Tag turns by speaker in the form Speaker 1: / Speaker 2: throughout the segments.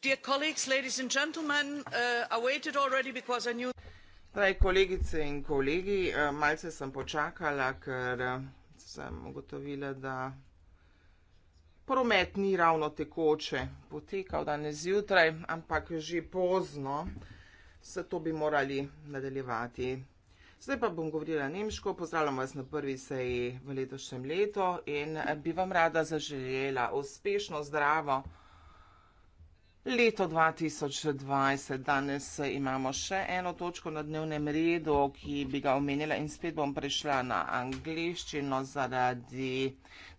Speaker 1: Uh,
Speaker 2: Zdaj, kolegice in kolegi, uh, malce sem počakala, ker uh, sem ugotovila, da promet ni ravno tekoče potekal danes zjutraj, ampak že pozno se to bi morali nadaljevati. Zdaj pa bom govorila nemško, pozdravljam vas na prvi seji v letošnjem letu in bi vam rada zaželjela uspešno zdravo. Leto 2020, danes imamo še eno točko na dnevnem redu, ki bi ga omenila in spet bom prišla na angliščino zaradi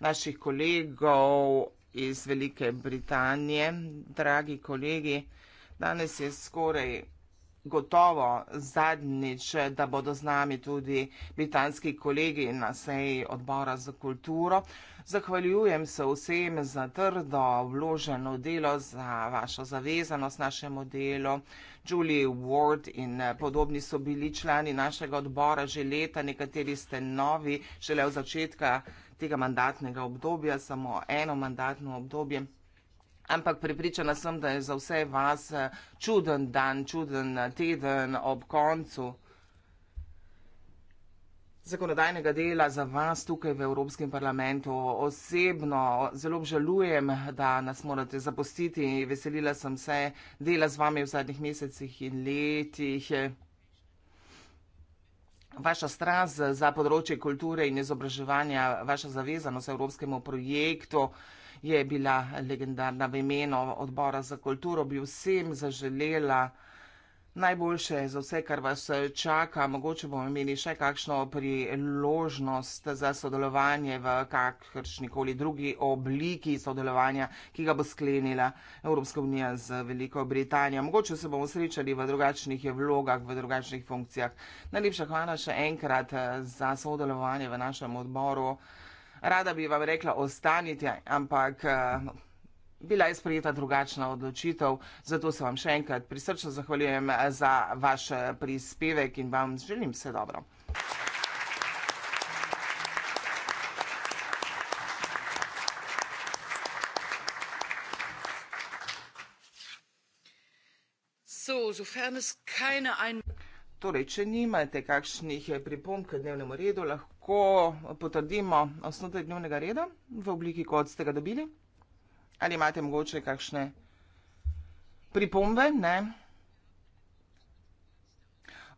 Speaker 2: naših kolegov iz Velike Britanije. Dragi kolegi, danes je skoraj gotovo zadnjič, da bodo z nami tudi britanski kolegi na seji odbora za kulturo. Zahvaljujem se vsem za trdo vloženo delo, za vašo zavezanost našemu delu. Julie Ward in podobni so bili člani našega odbora že leta, nekateri ste novi, šele v začetka tega mandatnega obdobja, samo eno mandatno obdobje ampak prepričana sem, da je za vse vas eh, čuden dan, čuden eh, teden ob koncu zakonodajnega dela za vas tukaj v Evropskem parlamentu. Osebno zelo obžalujem, da nas morate zapustiti. Veselila sem se dela z vami v zadnjih mesecih in letih. Vaša straz za področje kulture in izobraževanja, vaša zavezanost Evropskemu projektu je bila legendarna v imenu odbora za kulturo, bi vsem zaželela najboljše za vse, kar vas čaka. Mogoče bomo imeli še kakšno priložnost za sodelovanje v kakršnikoli drugi obliki sodelovanja, ki ga bo sklenila Evropska unija z Veliko Britanijo. Mogoče se bomo srečali v drugačnih vlogah, v drugačnih funkcijah. Najlepša hvala še enkrat za sodelovanje v našem odboru. Rada bi vam rekla, ostanite, ampak eh, bila je sprejeta drugačna odločitev, zato se vam še enkrat prisrčno zahvaljujem eh, za vaš eh, prispevek in vam želim vse dobro. Torej, če nimate kakšnih pripomb k dnevnemu redu, lahko lahko potrdimo osnutek dnevnega reda v obliki, kot ste ga dobili. Ali imate mogoče kakšne pripombe? Ne?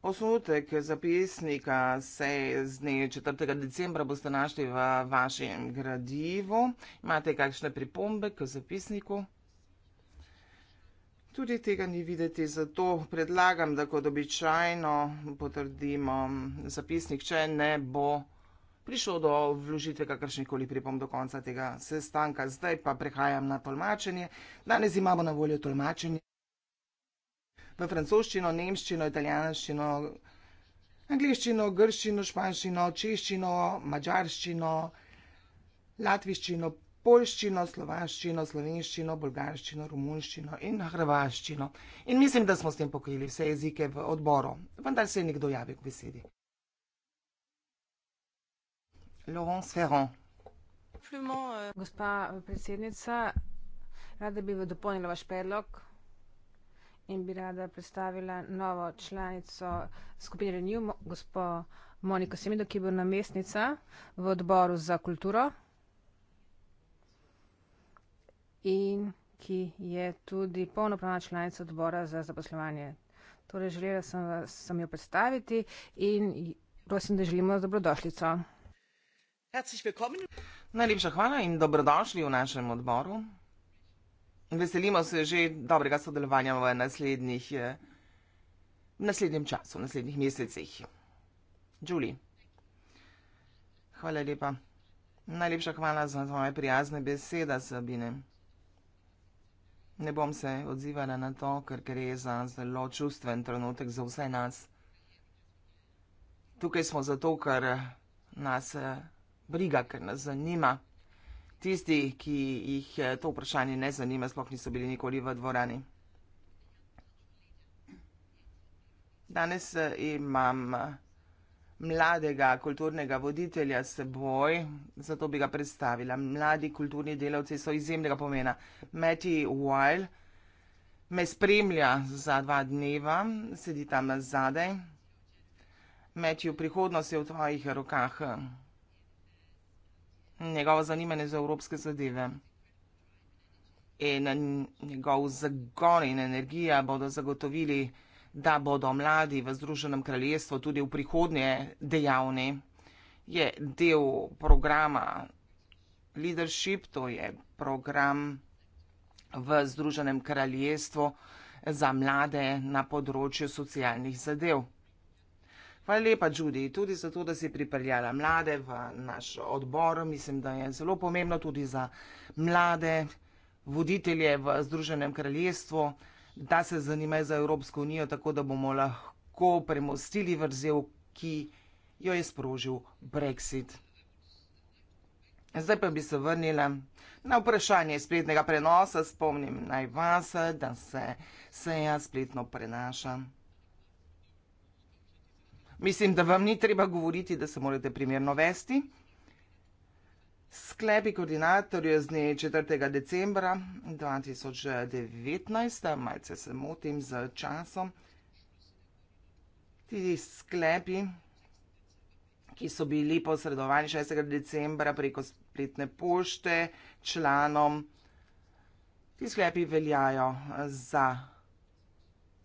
Speaker 2: Osnutek zapisnika se z dne 4. decembra boste našli v vašem gradivu. Imate kakšne pripombe k zapisniku? Tudi tega ni videti, zato predlagam, da kot običajno potrdimo zapisnik, če ne bo prišlo do vložitve kakršnih koli pripomb do konca tega sestanka. Zdaj pa prehajam na tolmačenje. Danes imamo na voljo tolmačenje v francoščino, nemščino, italijanščino, angliščino, grščino, španščino, češčino, mačarščino, latviščino, polščino, slovaščino, slovenščino, bolgarščino, romunščino in hrvaščino. In mislim, da smo s tem pokrili vse jezike v odboru, vendar se je nekdo javil k besedi. Laurence Ferrand.
Speaker 3: Gospa eh, predsednica, rada bi dopolnila vaš predlog in bi rada predstavila novo članico skupine Renew, gospo Moniko Semido, ki je bila namestnica v odboru za kulturo in ki je tudi polnopravna članica odbora za zaposlovanje. Torej, želela sem, vas, sem jo predstaviti in prosim, da želimo dobrodošlico.
Speaker 2: Najlepša hvala in dobrodošli v našem odboru. Veselimo se že dobrega sodelovanja v naslednjih, eh, v naslednjem času, v naslednjih mesecih. Julie, hvala lepa. Najlepša hvala za tvoje prijazne besede, Sabine. Ne bom se odzivala na to, ker gre za zelo čustven trenutek za vse nas. Tukaj smo zato, ker nas eh, briga, ker nas zanima. Tisti, ki jih eh, to vprašanje ne zanima, sploh niso bili nikoli v dvorani. Danes eh, imam eh, mladega kulturnega voditelja s seboj, zato bi ga predstavila. Mladi kulturni delavci so izjemnega pomena. Matty Weil me spremlja za dva dneva, sedi tam zadaj. Matthew, prihodnost je v tvojih rokah njegovo zanimanje za evropske zadeve. In njegov zagon in energija bodo zagotovili, da bodo mladi v Združenem kraljestvu tudi v prihodnje dejavni. Je del programa Leadership, to je program v Združenem kraljestvu za mlade na področju socialnih zadev. Hvala lepa, Judy, tudi za to, da si pripeljala mlade v naš odbor. Mislim, da je zelo pomembno tudi za mlade voditelje v Združenem kraljestvu, da se zanimajo za Evropsko unijo, tako da bomo lahko premostili vrzel, ki jo je sprožil Brexit. Zdaj pa bi se vrnila na vprašanje spletnega prenosa. Spomnim naj vas, da se seja spletno prenaša. Mislim, da vam ni treba govoriti, da se morate primerno vesti. Sklepi koordinatorja z dne 4. decembra 2019, malce se motim z časom, ti sklepi, ki so bili posredovani 6. decembra preko spletne pošte članom, ti sklepi veljajo za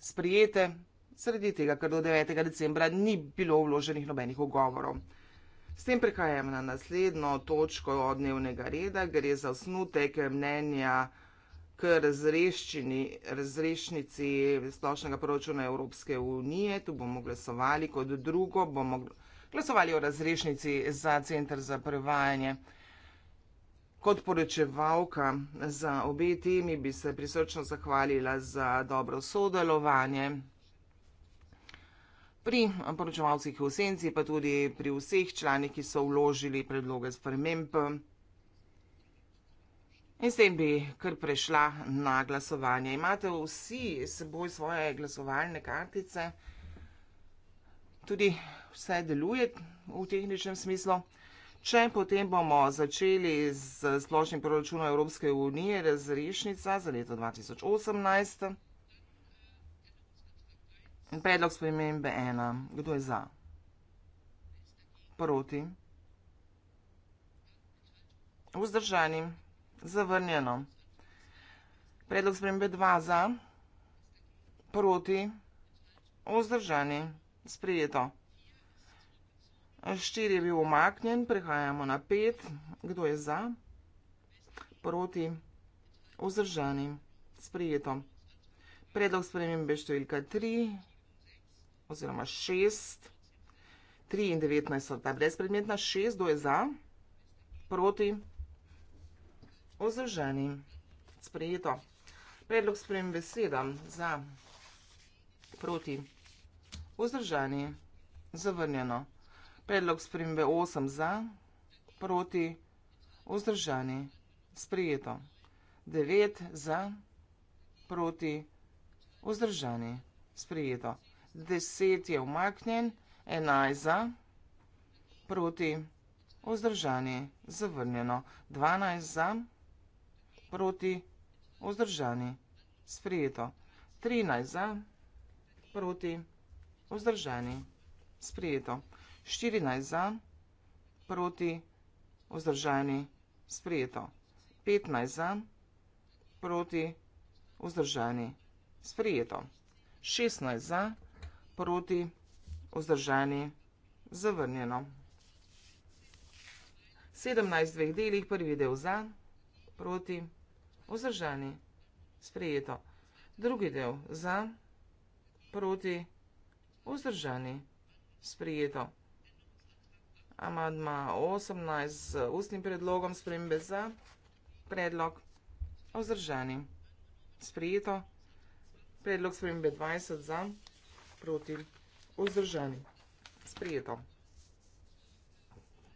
Speaker 2: sprijete, sredi tega, ker do 9. decembra ni bilo vloženih nobenih ogovorov. S tem prehajam na naslednjo točko od dnevnega reda, gre za osnutek mnenja k razrešnici splošnega proračuna Evropske unije. Tu bomo glasovali, kot drugo bomo glasovali o razrešnici za centr za prevajanje. Kot poročevalka za obe temi bi se prisrčno zahvalila za dobro sodelovanje pri eh, poročevalcih v senci, pa tudi pri vseh članih, ki so vložili predloge sprememb. In s tem bi kar prešla na glasovanje. Imate vsi seboj svoje glasovalne kartice, tudi vse deluje v tehničnem smislu. Če potem bomo začeli z splošnim proračunom Evropske unije, razrešnica za leto 2018. Predlog spremembe ena. Kdo je za? Proti. Vzdržani. Zavrnjeno. Predlog spremembe dva za. Proti. Vzdržani. Sprejeto. Štiri je bil omaknjen. Prehajamo na pet. Kdo je za? Proti. Vzdržani. Sprejeto. Predlog spremembe številka tri. Vzdržani oziroma 6, 3 in 19 so ta brezpredmetna, 6, kdo je za, proti, ozrženi, sprejeto. Predlog sprejem besedam, za, proti, ozrženi, zavrnjeno. Predlog spremembe 8 za, proti, vzdržani, sprejeto. 9 za, proti, vzdržani, sprejeto deset je umaknjen, enajst za, proti, vzdržani, zavrnjeno, dvanajst za, proti, vzdržani, sprijeto, trinajst za, proti, vzdržani, sprijeto, štirinajst za, proti, vzdržani, sprijeto, petnajst za, proti, vzdržani, sprijeto, šestnajst za, proti, vzdržani, sprijeto. 16 za, proti, vzdržani, zavrnjeno. 17 dveh delih, prvi del za, proti, vzdržani, sprejeto. Drugi del za, proti, vzdržani, sprejeto. Amadma 18 z ustnim predlogom, spremembe za, predlog, vzdržani, sprejeto. Predlog spremembe 20 za, vzdržani proti vzdržani. Sprijeto.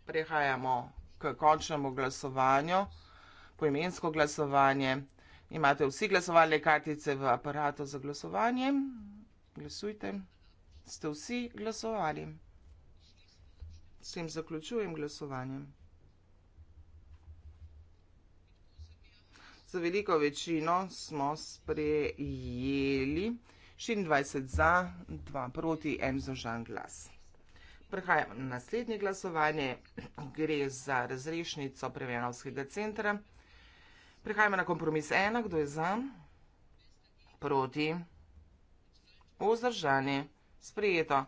Speaker 2: Prehajamo k končnemu glasovanju, poimensko glasovanje. Imate vsi glasovalne kartice v aparatu za glasovanje. Glasujte. Ste vsi glasovali. S tem zaključujem glasovanjem. Za veliko večino smo sprejeli glasovanje. 24 za, 2 proti, 1 zožan glas. Prehajamo na naslednje glasovanje, gre za razrešnico prevenovskega centra. Prehajamo na kompromis 1, kdo je za, proti, ozdržanje, sprejeto.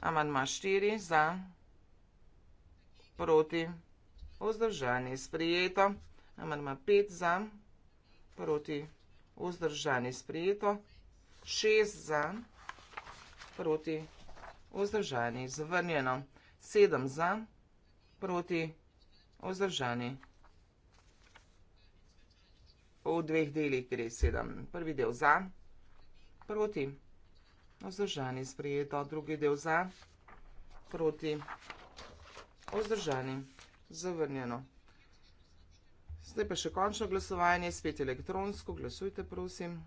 Speaker 2: Amandma 4 za, proti, ozdržanje, sprejeto. Amandma 5 za, proti, ozdržanje, sprejeto. 6 za, proti vzdržani, zavrnjeno. 7 za, proti vzdržani. V dveh delih gre 7. Prvi del za, proti vzdržani, sprejeto. Drugi del za, proti vzdržani, zavrnjeno. Zdaj pa še končno glasovanje, spet elektronsko, glasujte prosim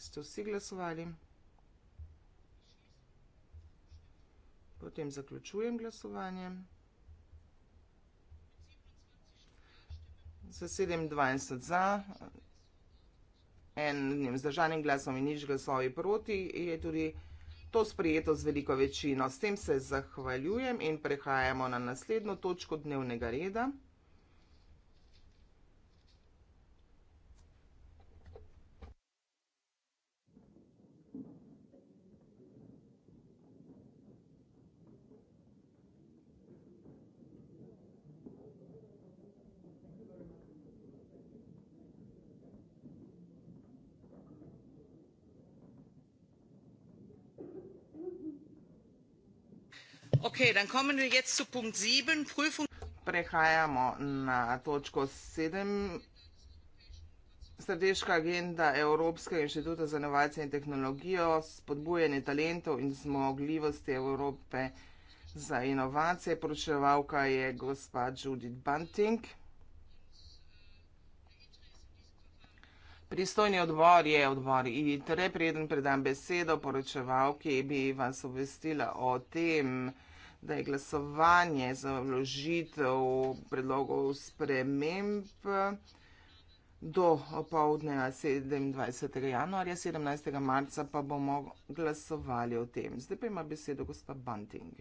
Speaker 2: ste vsi glasovali. Potem zaključujem glasovanje. Za 27 za, enim zdržanim glasom in nič glasovi proti, je tudi to sprijeto z veliko večino. S tem se zahvaljujem in prehajamo na naslednjo točko dnevnega reda. Prehajamo na točko 7. Strateška agenda Evropskega inštituta za inovacije in tehnologijo, spodbujanje talentov in zmogljivosti Evrope za inovacije. Poročevalka je gospa Judith Bunting. Pristojni odbor je odbor ITRE. Preden predam besedo poročevalki, bi vas obvestila o tem, da je da je glasovanje za vložitev predlogov sprememb do opovdne 27. januarja, 17. marca pa bomo glasovali o tem. Zdaj pa ima besedo gospa Banting.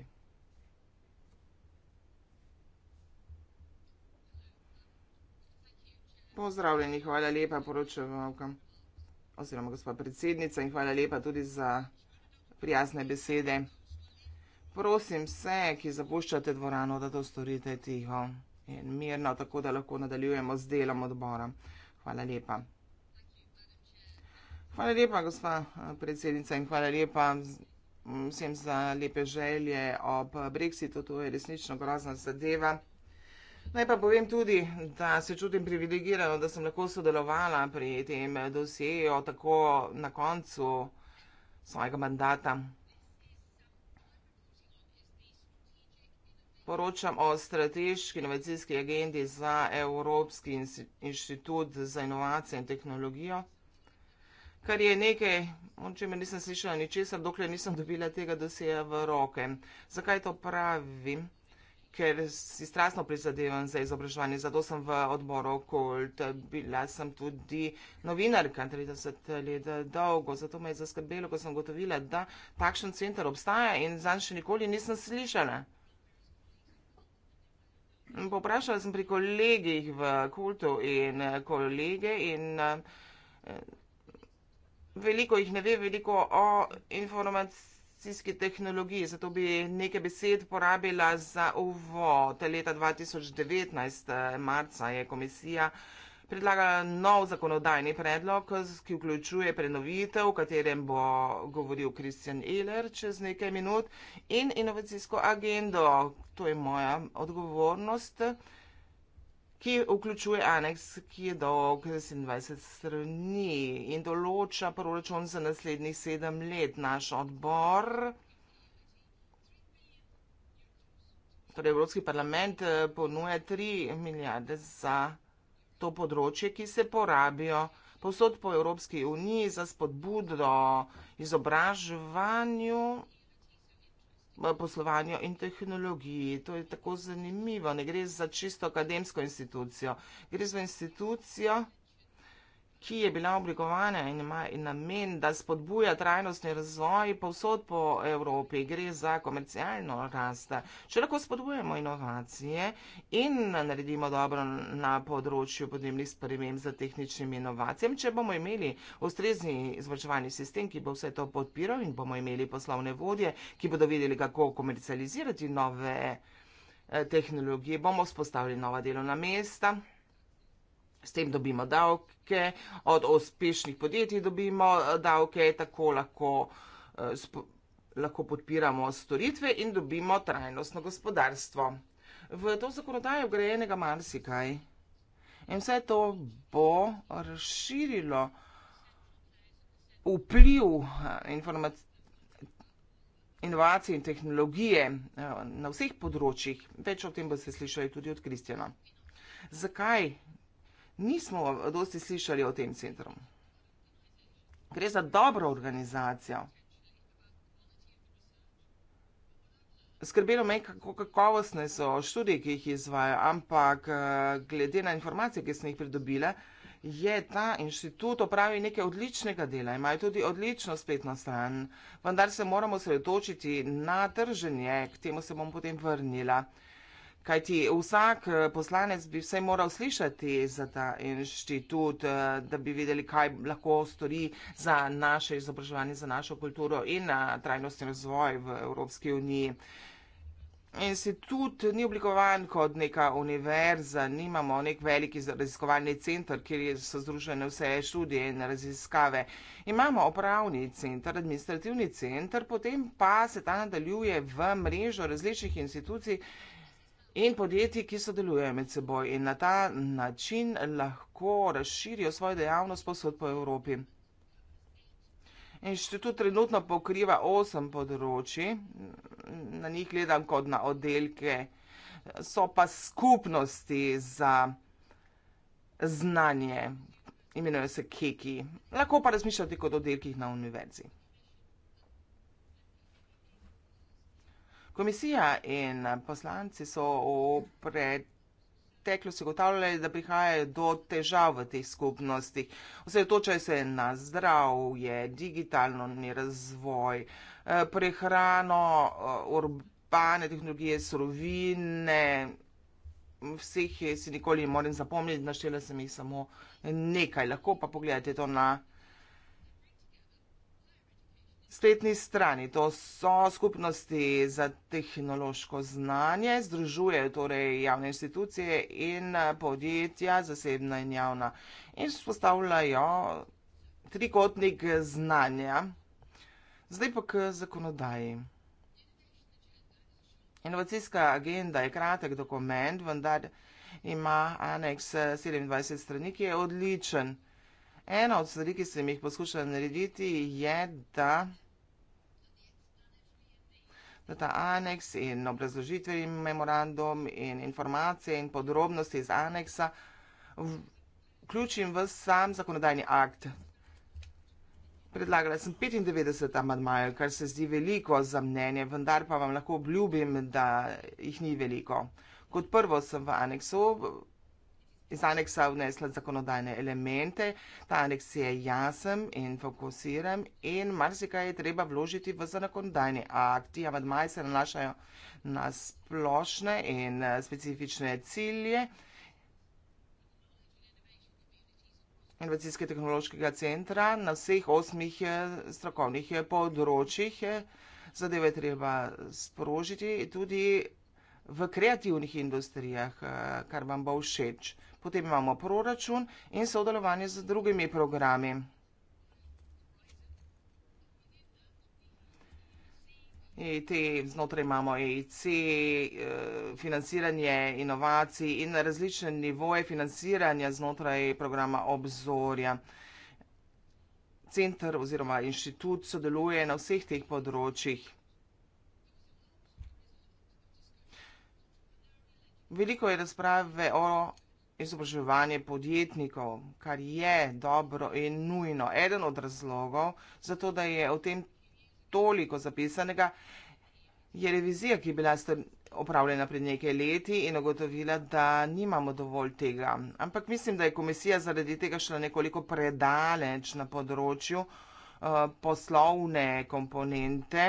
Speaker 2: Pozdravljeni, hvala lepa poročevalka oziroma gospa predsednica in hvala lepa tudi za prijazne besede. Prosim vse, ki zapuščate dvorano, da to storite tiho in mirno, tako da lahko nadaljujemo z delom odbora. Hvala lepa. Hvala lepa, gospa eh, predsednica, in hvala lepa vsem za lepe želje ob Brexitu. To je resnično grozna zadeva. Naj pa povem tudi, da se čutim privilegirano, da sem lahko sodelovala pri tem dosjeju tako na koncu svojega mandata. poročam o strateški inovacijski agendi za Evropski inštitut za inovacije in tehnologijo, kar je nekaj, o čemer nisem slišala ničesar, dokler nisem dobila tega dosija v roke. Zakaj to pravim? Ker si strastno prizadevam za izobraževanje, zato sem v odboru Kult, bila sem tudi novinarka 30 let dolgo, zato me je zaskrbelo, ko sem gotovila, da takšen center obstaja in zanj še nikoli nisem slišala. Poprašala sem pri kolegih v kultu in eh, kolege in eh, veliko jih ne ve veliko o informacijski tehnologiji, zato bi nekaj besed porabila za uvod. Leta 2019, eh, marca, je komisija predlagala nov zakonodajni predlog, ki vključuje prenovitev, o katerem bo govoril Kristjan Eler čez nekaj minut, in inovacijsko agendo, to je moja odgovornost, ki vključuje aneks, ki je dolg 27 strani in določa proračun za naslednjih sedem let. Naš odbor. Torej, Evropski parlament ponuja 3 milijarde za to področje, ki se porabijo posod po Evropski uniji za spodbudo izobraževanju, poslovanju in tehnologiji. To je tako zanimivo. Ne gre za čisto akademsko institucijo. Gre za institucijo, ki je bila oblikovana in ima namen, da spodbuja trajnostni razvoj povsod po Evropi. Gre za komercialno rast. Če lahko spodbujemo inovacije in naredimo dobro na področju podnebnih sprememb za tehničnim inovacijam, če bomo imeli ustrezni izvrčevalni sistem, ki bo vse to podpiral in bomo imeli poslovne vodje, ki bodo videli, kako komercializirati nove eh, tehnologije, bomo spostavili nova delovna mesta. S tem dobimo davke, od uspešnih podjetij dobimo eh, davke, tako lahko, eh, lahko podpiramo storitve in dobimo trajnostno gospodarstvo. V to zakonodajo je vgrajenega marsikaj. In vse to bo razširilo vpliv eh, inovacij in tehnologije na vseh področjih. Več o tem bo se slišali tudi od Kristjana. Zakaj nismo dosti slišali o tem centru. Gre za dobro organizacijo. Skrbelo me je, kako kakovostne so študije, ki jih izvajo, ampak eh, glede na informacije, ki sem jih pridobila, je ta inštitut opravil nekaj odličnega dela. Imajo tudi odlično spletno stran, vendar se moramo sredotočiti na trženje, k temu se bom potem vrnila. Kajti vsak eh, poslanec bi vse moral slišati za ta inštitut, eh, da bi videli, kaj lahko stori za naše izobraževanje, za našo kulturo in na eh, trajnostni razvoj v Evropski uniji. Institut ni oblikovan kot neka univerza, nimamo nek veliki raziskovalni center, kjer so združene vse študije in raziskave. Imamo opravni center, administrativni center, potem pa se ta nadaljuje v mrežo različnih institucij, in podjetij, ki sodelujejo med seboj in na ta način lahko razširijo svojo dejavnost posod po Evropi. Inštitut trenutno pokriva osem področji, na njih gledam kot na oddelke, so pa skupnosti za znanje, imenujejo se keki, lahko pa razmišljate kot oddelkih na univerzi. Komisija in poslanci so v preteklosti gotavljali, da prihajajo do težav v teh skupnostih. Osredotočajo se na zdravje, digitalni razvoj, eh, prehrano, eh, urbane tehnologije, surovine. Vseh si nikoli ne morem zapomniti, naštela sem jih samo nekaj. Lahko pa pogledate to na spletni strani, to so skupnosti za tehnološko znanje, združuje torej javne institucije in eh, podjetja, zasebna in javna, in spostavljajo trikotnik znanja. Zdaj pa k zakonodaji. Inovacijska agenda je kratek dokument, vendar ima aneks 27 eh, strani, ki je odličen. Ena od stvari, ki sem jih poskušala narediti, je, da da ta aneks in obrazložitveni memorandum in informacije in podrobnosti iz aneksa vključim v sam zakonodajni akt. Predlagala sem 95 amadmajev, kar se zdi veliko za mnenje, vendar pa vam lahko obljubim, da jih ni veliko. Kot prvo sem v aneksu iz aneksa vnesla zakonodajne elemente. Ta aneks je jasen in fokusiran in marsikaj je treba vložiti v zakonodajni akt. Ti amadmaji se nanašajo na splošne in eh, specifične cilje. Inovacijske tehnološkega centra na vseh osmih eh, strokovnih eh, področjih zadeve treba sprožiti tudi v kreativnih industrijah, kar vam bo všeč potem imamo proračun in sodelovanje z drugimi programi. IT, e znotraj imamo EIC, e, financiranje inovacij in različne nivoje financiranja znotraj programa obzorja. Centr oziroma inštitut sodeluje na vseh teh področjih. Veliko je razprave o izobraževanje podjetnikov, kar je dobro in nujno. Eden od razlogov za to, da je o tem toliko zapisanega, je revizija, ki je bila opravljena pred nekaj leti in ugotovila, da nimamo dovolj tega. Ampak mislim, da je komisija zaradi tega šla nekoliko predaleč na področju eh, poslovne komponente.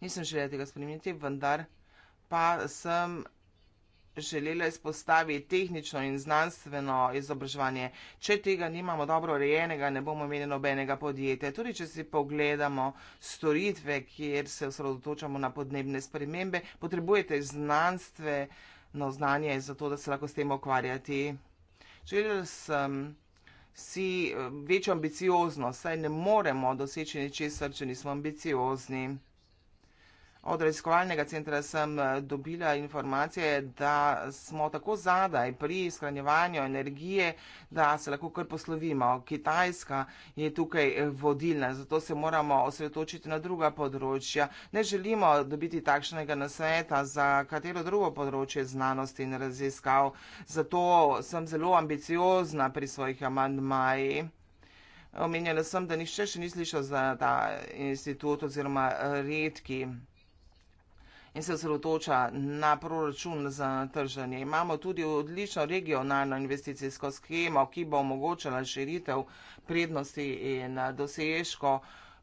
Speaker 2: Nisem želela tega spremeniti, vendar pa sem želela izpostaviti tehnično in znanstveno izobraževanje. Če tega nimamo dobro rejenega, ne bomo imeli nobenega podjetja. Tudi, če si pogledamo storitve, kjer se osredotočamo na podnebne spremembe, potrebujete znanstveno znanje za to, da se lahko s tem ukvarjati. Želela sem si eh, večjo ambicioznost, saj ne moremo doseči ničesar, če nismo ambiciozni. Od raziskovalnega centra sem eh, dobila informacije, da smo tako zadaj pri skranjevanju energije, da se lahko kar poslovimo. Kitajska je tukaj eh, vodilna, zato se moramo osredotočiti na druga področja. Ne želimo dobiti takšnega nasveta za katero drugo področje znanosti in raziskav, zato sem zelo ambiciozna pri svojih amandmaji. Omenjala sem, da nišče še ni slišal za ta institut oziroma redki in se osredotoča na proračun za trženje. Imamo tudi odlično regionalno investicijsko schemo, ki bo omogočala širitev prednosti in dosežko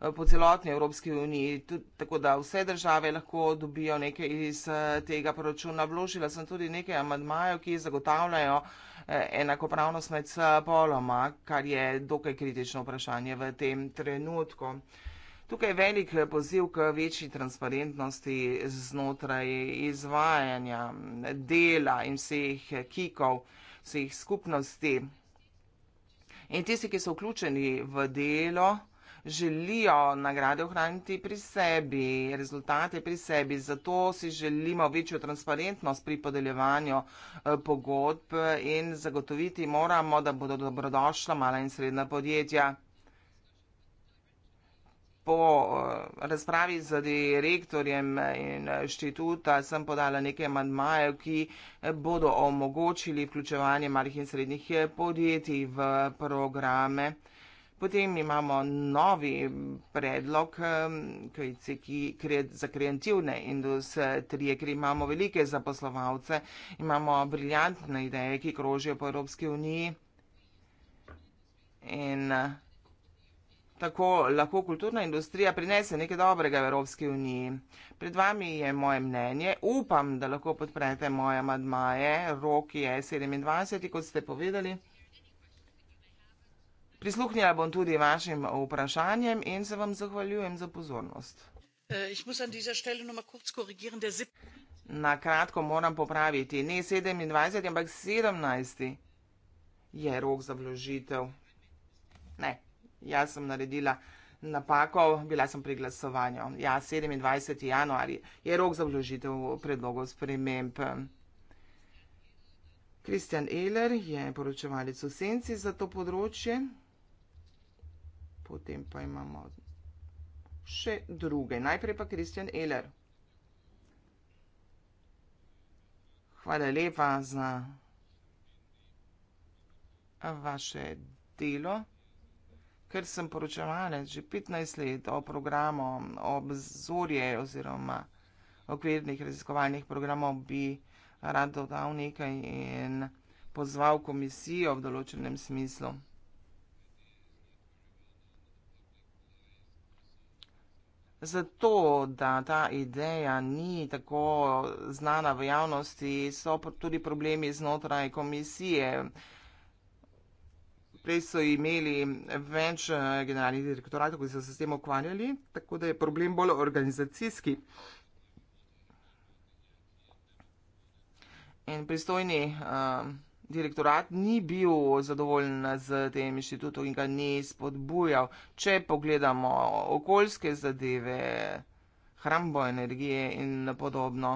Speaker 2: eh, po celotni Evropski uniji, tako da vse države lahko dobijo nekaj iz eh, tega proračuna. Vložila sem tudi nekaj amadmajev, ki zagotavljajo eh, enakopravnost med spoloma, kar je dokaj kritično vprašanje v tem trenutku. Tukaj je velik eh, poziv k večji transparentnosti znotraj izvajanja eh, dela in vseh eh, kikov, vseh skupnosti. In tisti, ki so vključeni v delo, želijo nagrade ohraniti pri sebi, rezultate pri sebi. Zato si želimo večjo transparentnost pri podeljevanju pogodb in zagotoviti moramo, da bodo dobrodošla mala in srednja podjetja po eh, razpravi z direktorjem eh, inštituta sem podala nekaj mandmajev, ki eh, bodo omogočili vključevanje malih in srednjih podjetij v programe. Potem imamo novi predlog ehm, za kreativne industrije, ker imamo velike zaposlovalce, imamo briljantne ideje, ki krožijo po Evropski uniji. In, uh, tako lahko kulturna industrija prinese nekaj dobrega v Evropski uniji. Pred vami je moje mnenje. Upam, da lahko podprete moje madmaje. Rok je 27, kot ste povedali. Prisluhnila bom tudi vašim vprašanjem in se vam zahvaljujem za pozornost. Eh, Na kratko moram popraviti, ne 27, ampak 17 je rok za vložitev. Ne jaz sem naredila napako, bila sem pri glasovanju. Ja, 27. januar je rok za vložitev predlogov sprememb. Kristjan Ehler je poročevalec v senci za to področje. Potem pa imamo še druge. Najprej pa Kristjan Ehler. Hvala lepa za vaše delo ker sem poročevalec že 15 let o programu obzorje oziroma okvirnih raziskovalnih programov, bi rad dodal nekaj in pozval komisijo v določenem smislu. Zato, da ta ideja ni tako znana v javnosti, so tudi problemi znotraj komisije. Prej so imeli več eh, generalnih direktoratov, ki so se s tem ukvarjali, tako da je problem bolj organizacijski. In pristojni uh, direktorat ni bil zadovoljen z tem inštitutom in ga ni spodbujal. Če pogledamo okoljske zadeve, hrambo energije in podobno.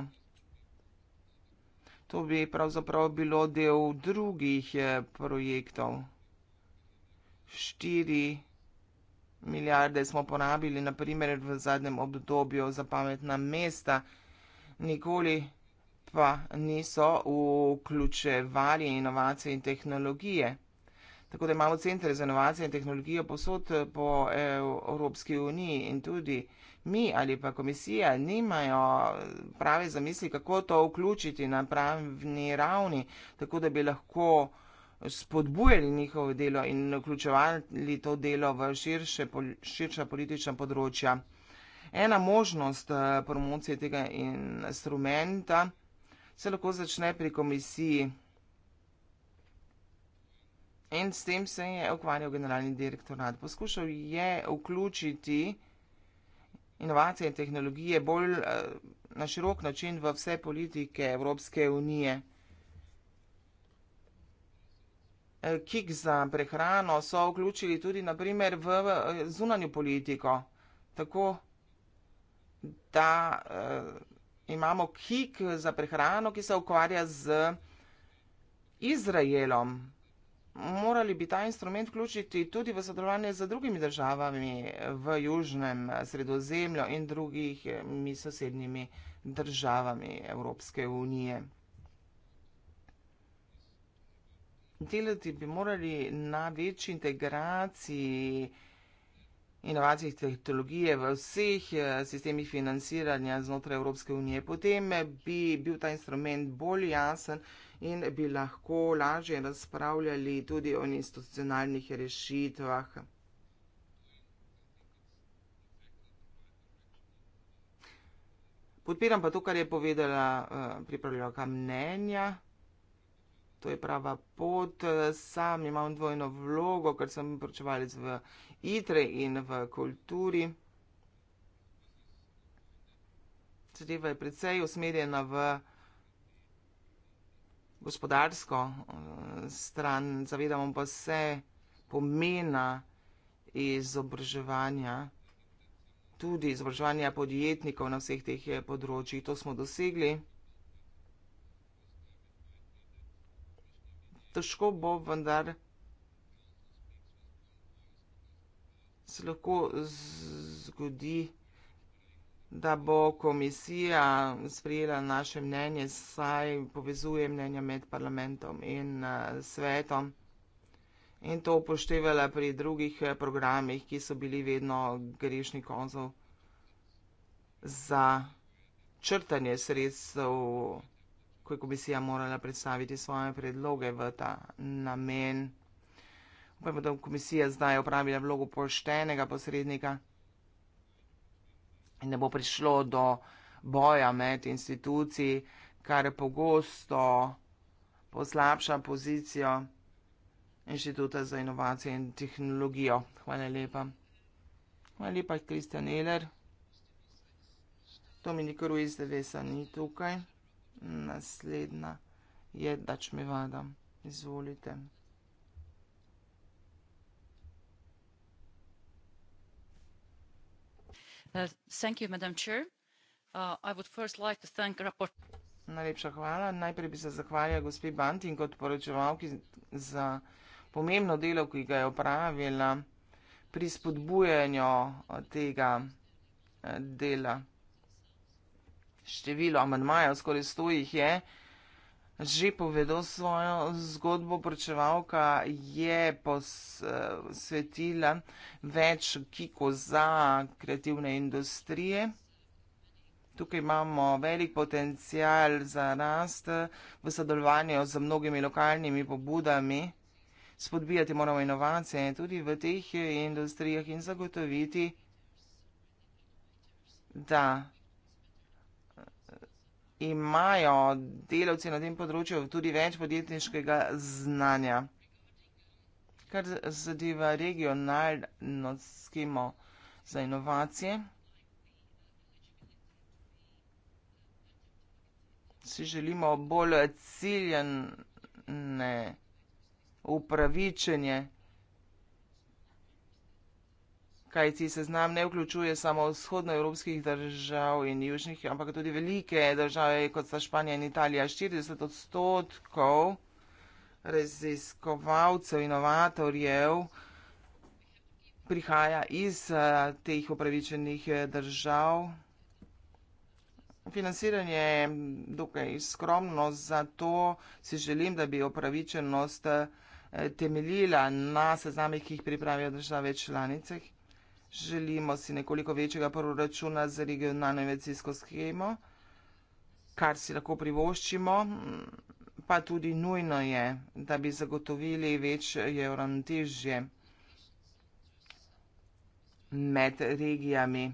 Speaker 2: To bi pravzaprav bilo del drugih eh, projektov. 4 milijarde smo porabili naprimer v zadnjem obdobju za pametna mesta, nikoli pa niso vključevali inovacije in tehnologije. Tako da imamo center za inovacije in tehnologijo posod eh, po Evropski uniji in tudi mi ali pa komisija nimajo eh, prave zamisli, kako to vključiti na pravni ravni, tako da bi lahko spodbujali njihovo delo in vključevali to delo v širše, pol, širša politična področja. Ena možnost eh, promocije tega instrumenta se lahko začne pri komisiji. In s tem se je ukvarjal generalni direktorat. Poskušal je vključiti inovacije in tehnologije bolj eh, na širok način v vse politike Evropske unije. Eh, kik za prehrano so vključili tudi naprimer v eh, zunanju politiko, tako da eh, imamo kik za prehrano, ki se ukvarja z Izraelom. Morali bi ta instrument vključiti tudi v sodelovanje z drugimi državami v južnem sredozemlju in drugimi sosednjimi državami Evropske unije. delati bi morali na večji integraciji inovacij in tehnologije v vseh eh, sistemih financiranja znotraj Evropske unije. Potem eh, bi bil ta instrument bolj jasen in bi lahko lažje razpravljali tudi o institucionalnih rešitvah. Podpiram pa to, kar je povedala uh, pripravljalka mnenja to je prava pot. Sam imam dvojno vlogo, ker sem poročevalec v ITRE in v kulturi. Zadeva je precej usmerjena v gospodarsko eh, stran, zavedamo pa se pomena izobraževanja, tudi izobraževanja podjetnikov na vseh teh eh, področjih. To smo dosegli. težko bo, vendar se lahko zgodi, da bo komisija sprejela naše mnenje, saj povezuje mnenja med parlamentom in eh, svetom in to upoštevala pri drugih eh, programih, ki so bili vedno grešni konzov za črtanje sredstv vsega ko je komisija morala predstaviti svoje predloge v ta namen. Upamo, da komisija zdaj opravila vlogo poštenega posrednika in ne bo prišlo do boja med instituciji, kar pogosto poslabša pozicijo Inštituta za inovacije in tehnologijo. Hvala lepa. Hvala lepa, Kristjan Eler. Dominik Ruiz de Vesa ni tukaj naslednja je Dačmevada. Izvolite.
Speaker 1: Uh, uh,
Speaker 2: Najlepša hvala. Najprej bi se zahvalila gospe Banting kot poročevalki za pomembno delo, ki ga je opravila pri spodbujanju tega eh, dela. Število amantmajev, skoraj sto jih je, že povedal svojo zgodbo, pročevalka je posvetila več kiko za kreativne industrije. Tukaj imamo velik potencial za rast v sodelovanju z mnogimi lokalnimi pobudami. Spodbijati moramo inovacije tudi v teh industrijah in zagotoviti, da imajo delavci na tem področju tudi več podjetniškega znanja. Kar zadeva regionalno skemo za inovacije, si želimo bolj ciljene upravičenje kajti seznam ne vključuje samo vzhodnoevropskih držav in južnih, ampak tudi velike države, kot sta Španija in Italija. 40 odstotkov raziskovalcev, inovatorjev prihaja iz eh, teh upravičenih eh, držav. Financiranje je dokaj skromno, zato si želim, da bi upravičenost eh, temeljila na seznamih, ki jih pripravijo države članice. Želimo si nekoliko večjega proračuna za regionalno investicijsko schemo, kar si lahko privoščimo, pa tudi nujno je, da bi zagotovili večje ravnotežje med regijami.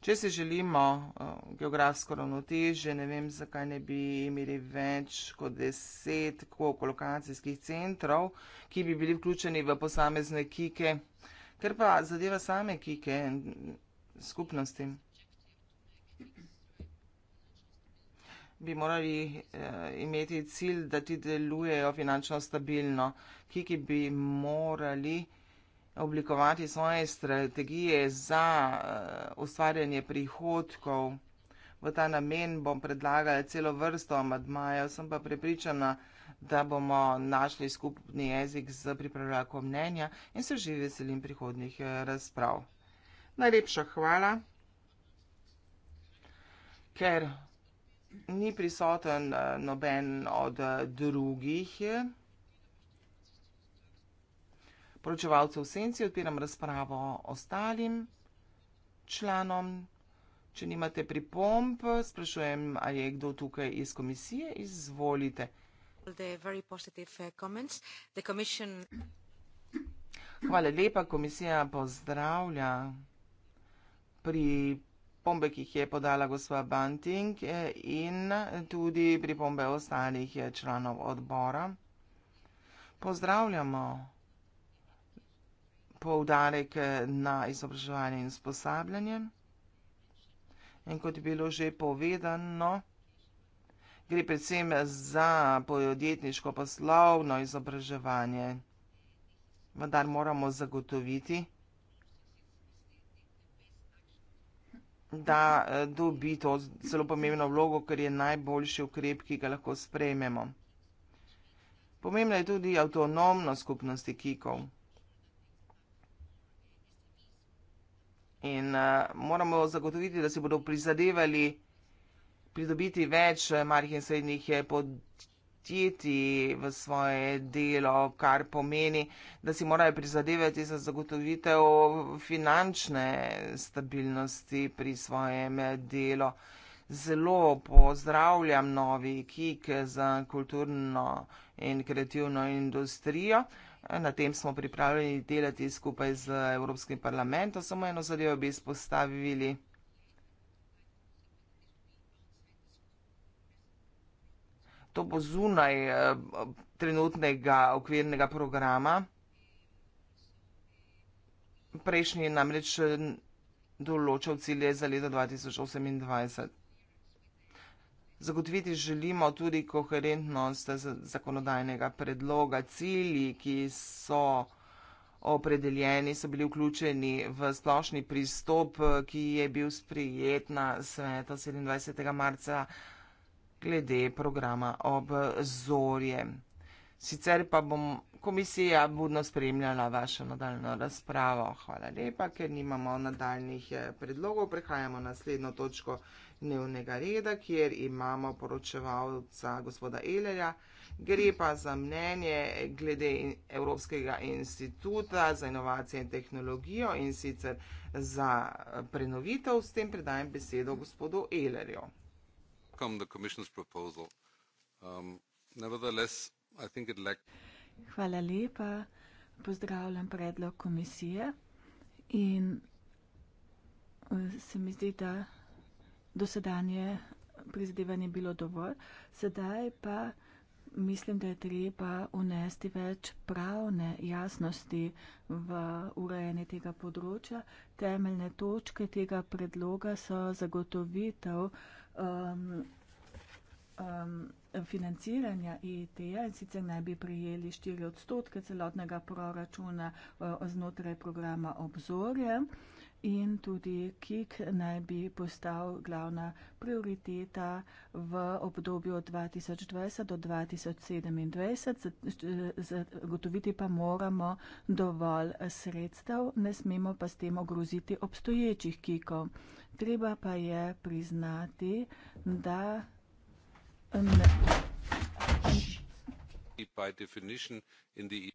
Speaker 2: Če se želimo eh, geografsko ravnotežje, ne vem, zakaj ne bi imeli več kot deset kolokacijskih centrov, ki bi bili vključeni v posamezne kike. Ker pa zadeva same kike in skupnosti. bi morali eh, imeti cilj, da ti delujejo finančno stabilno. Kiki bi morali oblikovati svoje strategije za eh, ustvarjanje prihodkov. V ta namen bom predlagala celo vrsto amadmajev, sem pa prepričana, da bomo našli skupni jezik z pripravljakom mnenja in se že veselim prihodnjih eh, razprav. Najlepša hvala, ker ni prisoten eh, noben od eh, drugih poročevalcev senci, odpiram razpravo ostalim članom. Če nimate pripomb, sprašujem, ali je kdo tukaj iz komisije, izvolite.
Speaker 3: Uh,
Speaker 2: Hvala lepa. Komisija pozdravlja pripombe, ki jih je podala gospa Banting eh, in tudi pripombe ostalih eh, članov odbora. Pozdravljamo poudarek eh, na izobraževanje in usposabljanje. In kot je bilo že povedano, gre predvsem za pojodetniško poslovno izobraževanje. Vendar moramo zagotoviti, da eh, dobi to zelo pomembno vlogo, ker je najboljši ukrep, ki ga lahko sprejmemo. Pomembna je tudi avtonomnost skupnosti kikov. In uh, moramo zagotoviti, da si bodo prizadevali pridobiti več eh, malih in srednjih eh, podjetij v svoje delo, kar pomeni, da si morajo prizadevati za zagotovitev finančne stabilnosti pri svojem eh, delu. Zelo pozdravljam novi kik za kulturno in kreativno industrijo. Na tem smo pripravljeni delati skupaj z Evropskim parlamentom. Samo eno zadevo bi izpostavili. to bo zunaj eh, trenutnega okvirnega programa. Prejšnji je namreč eh, določal cilje za leto 2028. Zagotoviti želimo tudi koherentnost zakonodajnega predloga. Cilji, ki so opredeljeni, so bili vključeni v splošni pristop, eh, ki je bil sprijet na svetu 27. marca 2020 glede programa obzorje. Sicer pa bom komisija budno spremljala vašo nadaljno razpravo. Hvala lepa, ker nimamo nadaljnih eh, predlogov. Prehajamo na naslednjo točko dnevnega reda, kjer imamo poročevalca gospoda Elerja. Gre pa za mnenje glede Evropskega instituta za inovacije in tehnologijo in sicer za eh, prenovitev. S tem predajem besedo gospodu Elerju welcome the
Speaker 3: commission's proposal. Um, nevertheless, I think it lacks.
Speaker 2: Hvala
Speaker 1: lepa. Pozdravljam predlog komisije in eh, se mi zdi, da dosedanje prizadevanje bilo dovolj. Sedaj pa mislim, da je treba unesti več pravne jasnosti v urejanje tega področja. Temeljne točke tega predloga so zagotovitev um, um, financiranja ITE in sicer naj bi prijeli 4 odstotke celotnega proračuna uh, znotraj programa obzorje in tudi KIK naj bi postal glavna prioriteta v obdobju od 2020 do 2027. Gotoviti pa moramo dovolj sredstev, ne smemo pa s tem ogroziti obstoječih KIK-ov. Treba pa je priznati, da ne. E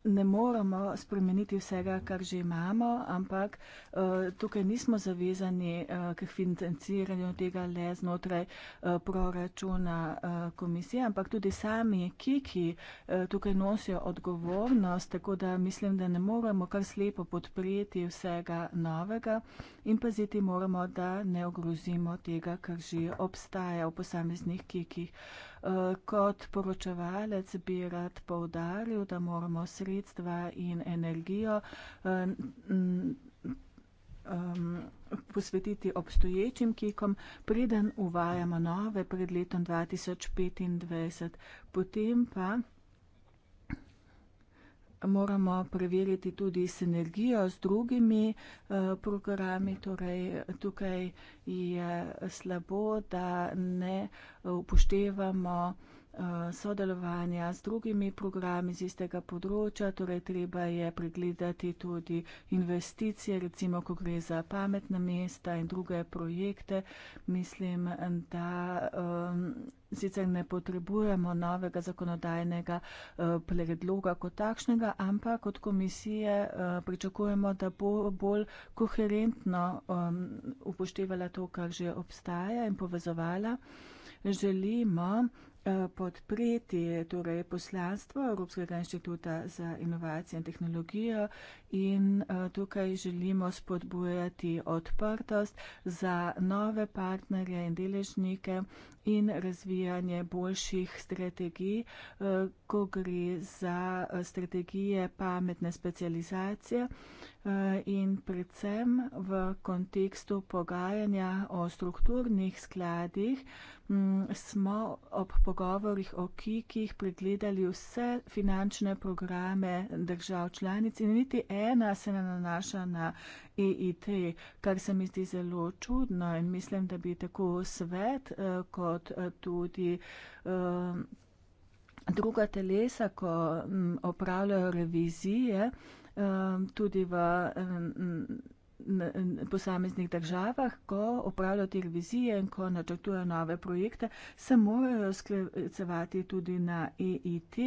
Speaker 1: ne moramo spremeniti vsega, kar že imamo, ampak uh, tukaj nismo zavezani uh, k financiranju tega le znotraj uh, proračuna uh, komisije, ampak tudi sami kiki uh, tukaj nosijo odgovornost, tako da mislim, da ne moramo kar slepo podpreti vsega novega in paziti moramo, da ne ogrozimo tega, kar že obstaja v posameznih kikih. Uh, Kot poročevalec bi rad povdaril, da moramo sredstva in energijo eh, um, posvetiti obstoječim kikom, preden uvajamo nove pred letom 2025. Potem pa moramo preveriti tudi sinergijo z drugimi eh, programi. Torej, tukaj je slabo, da ne upoštevamo Eh, sodelovanja z drugimi programi z istega področja, torej treba je pregledati tudi investicije, recimo, ko gre za pametna mesta in druge projekte. Mislim, da um, sicer ne potrebujemo novega zakonodajnega uh, predloga kot takšnega, ampak kot komisije uh, pričakujemo, da bo bolj koherentno um, upoštevala to, kar že obstaja in povezovala. Želimo, Eh, podpreti torej, poslanstvo Evropskega inštituta za inovacije in tehnologijo in eh, tukaj želimo spodbujati odprtost za nove partnerje in deležnike in razvijanje boljših strategij, eh, ko gre za eh, strategije pametne specializacije eh, in predvsem v kontekstu pogajanja o strukturnih skladih mm, smo ob pogovorih o kikih pregledali vse finančne programe držav članic in niti ena se ne nanaša na EIT, kar se mi zdi zelo čudno in mislim, da bi tako svet eh, kot eh, tudi eh, druga telesa, ko mm, opravljajo revizije, tudi v mm, posameznih državah, ko upravljajo te revizije in ko načrtujejo nove projekte, se morajo sklicevati tudi na EIT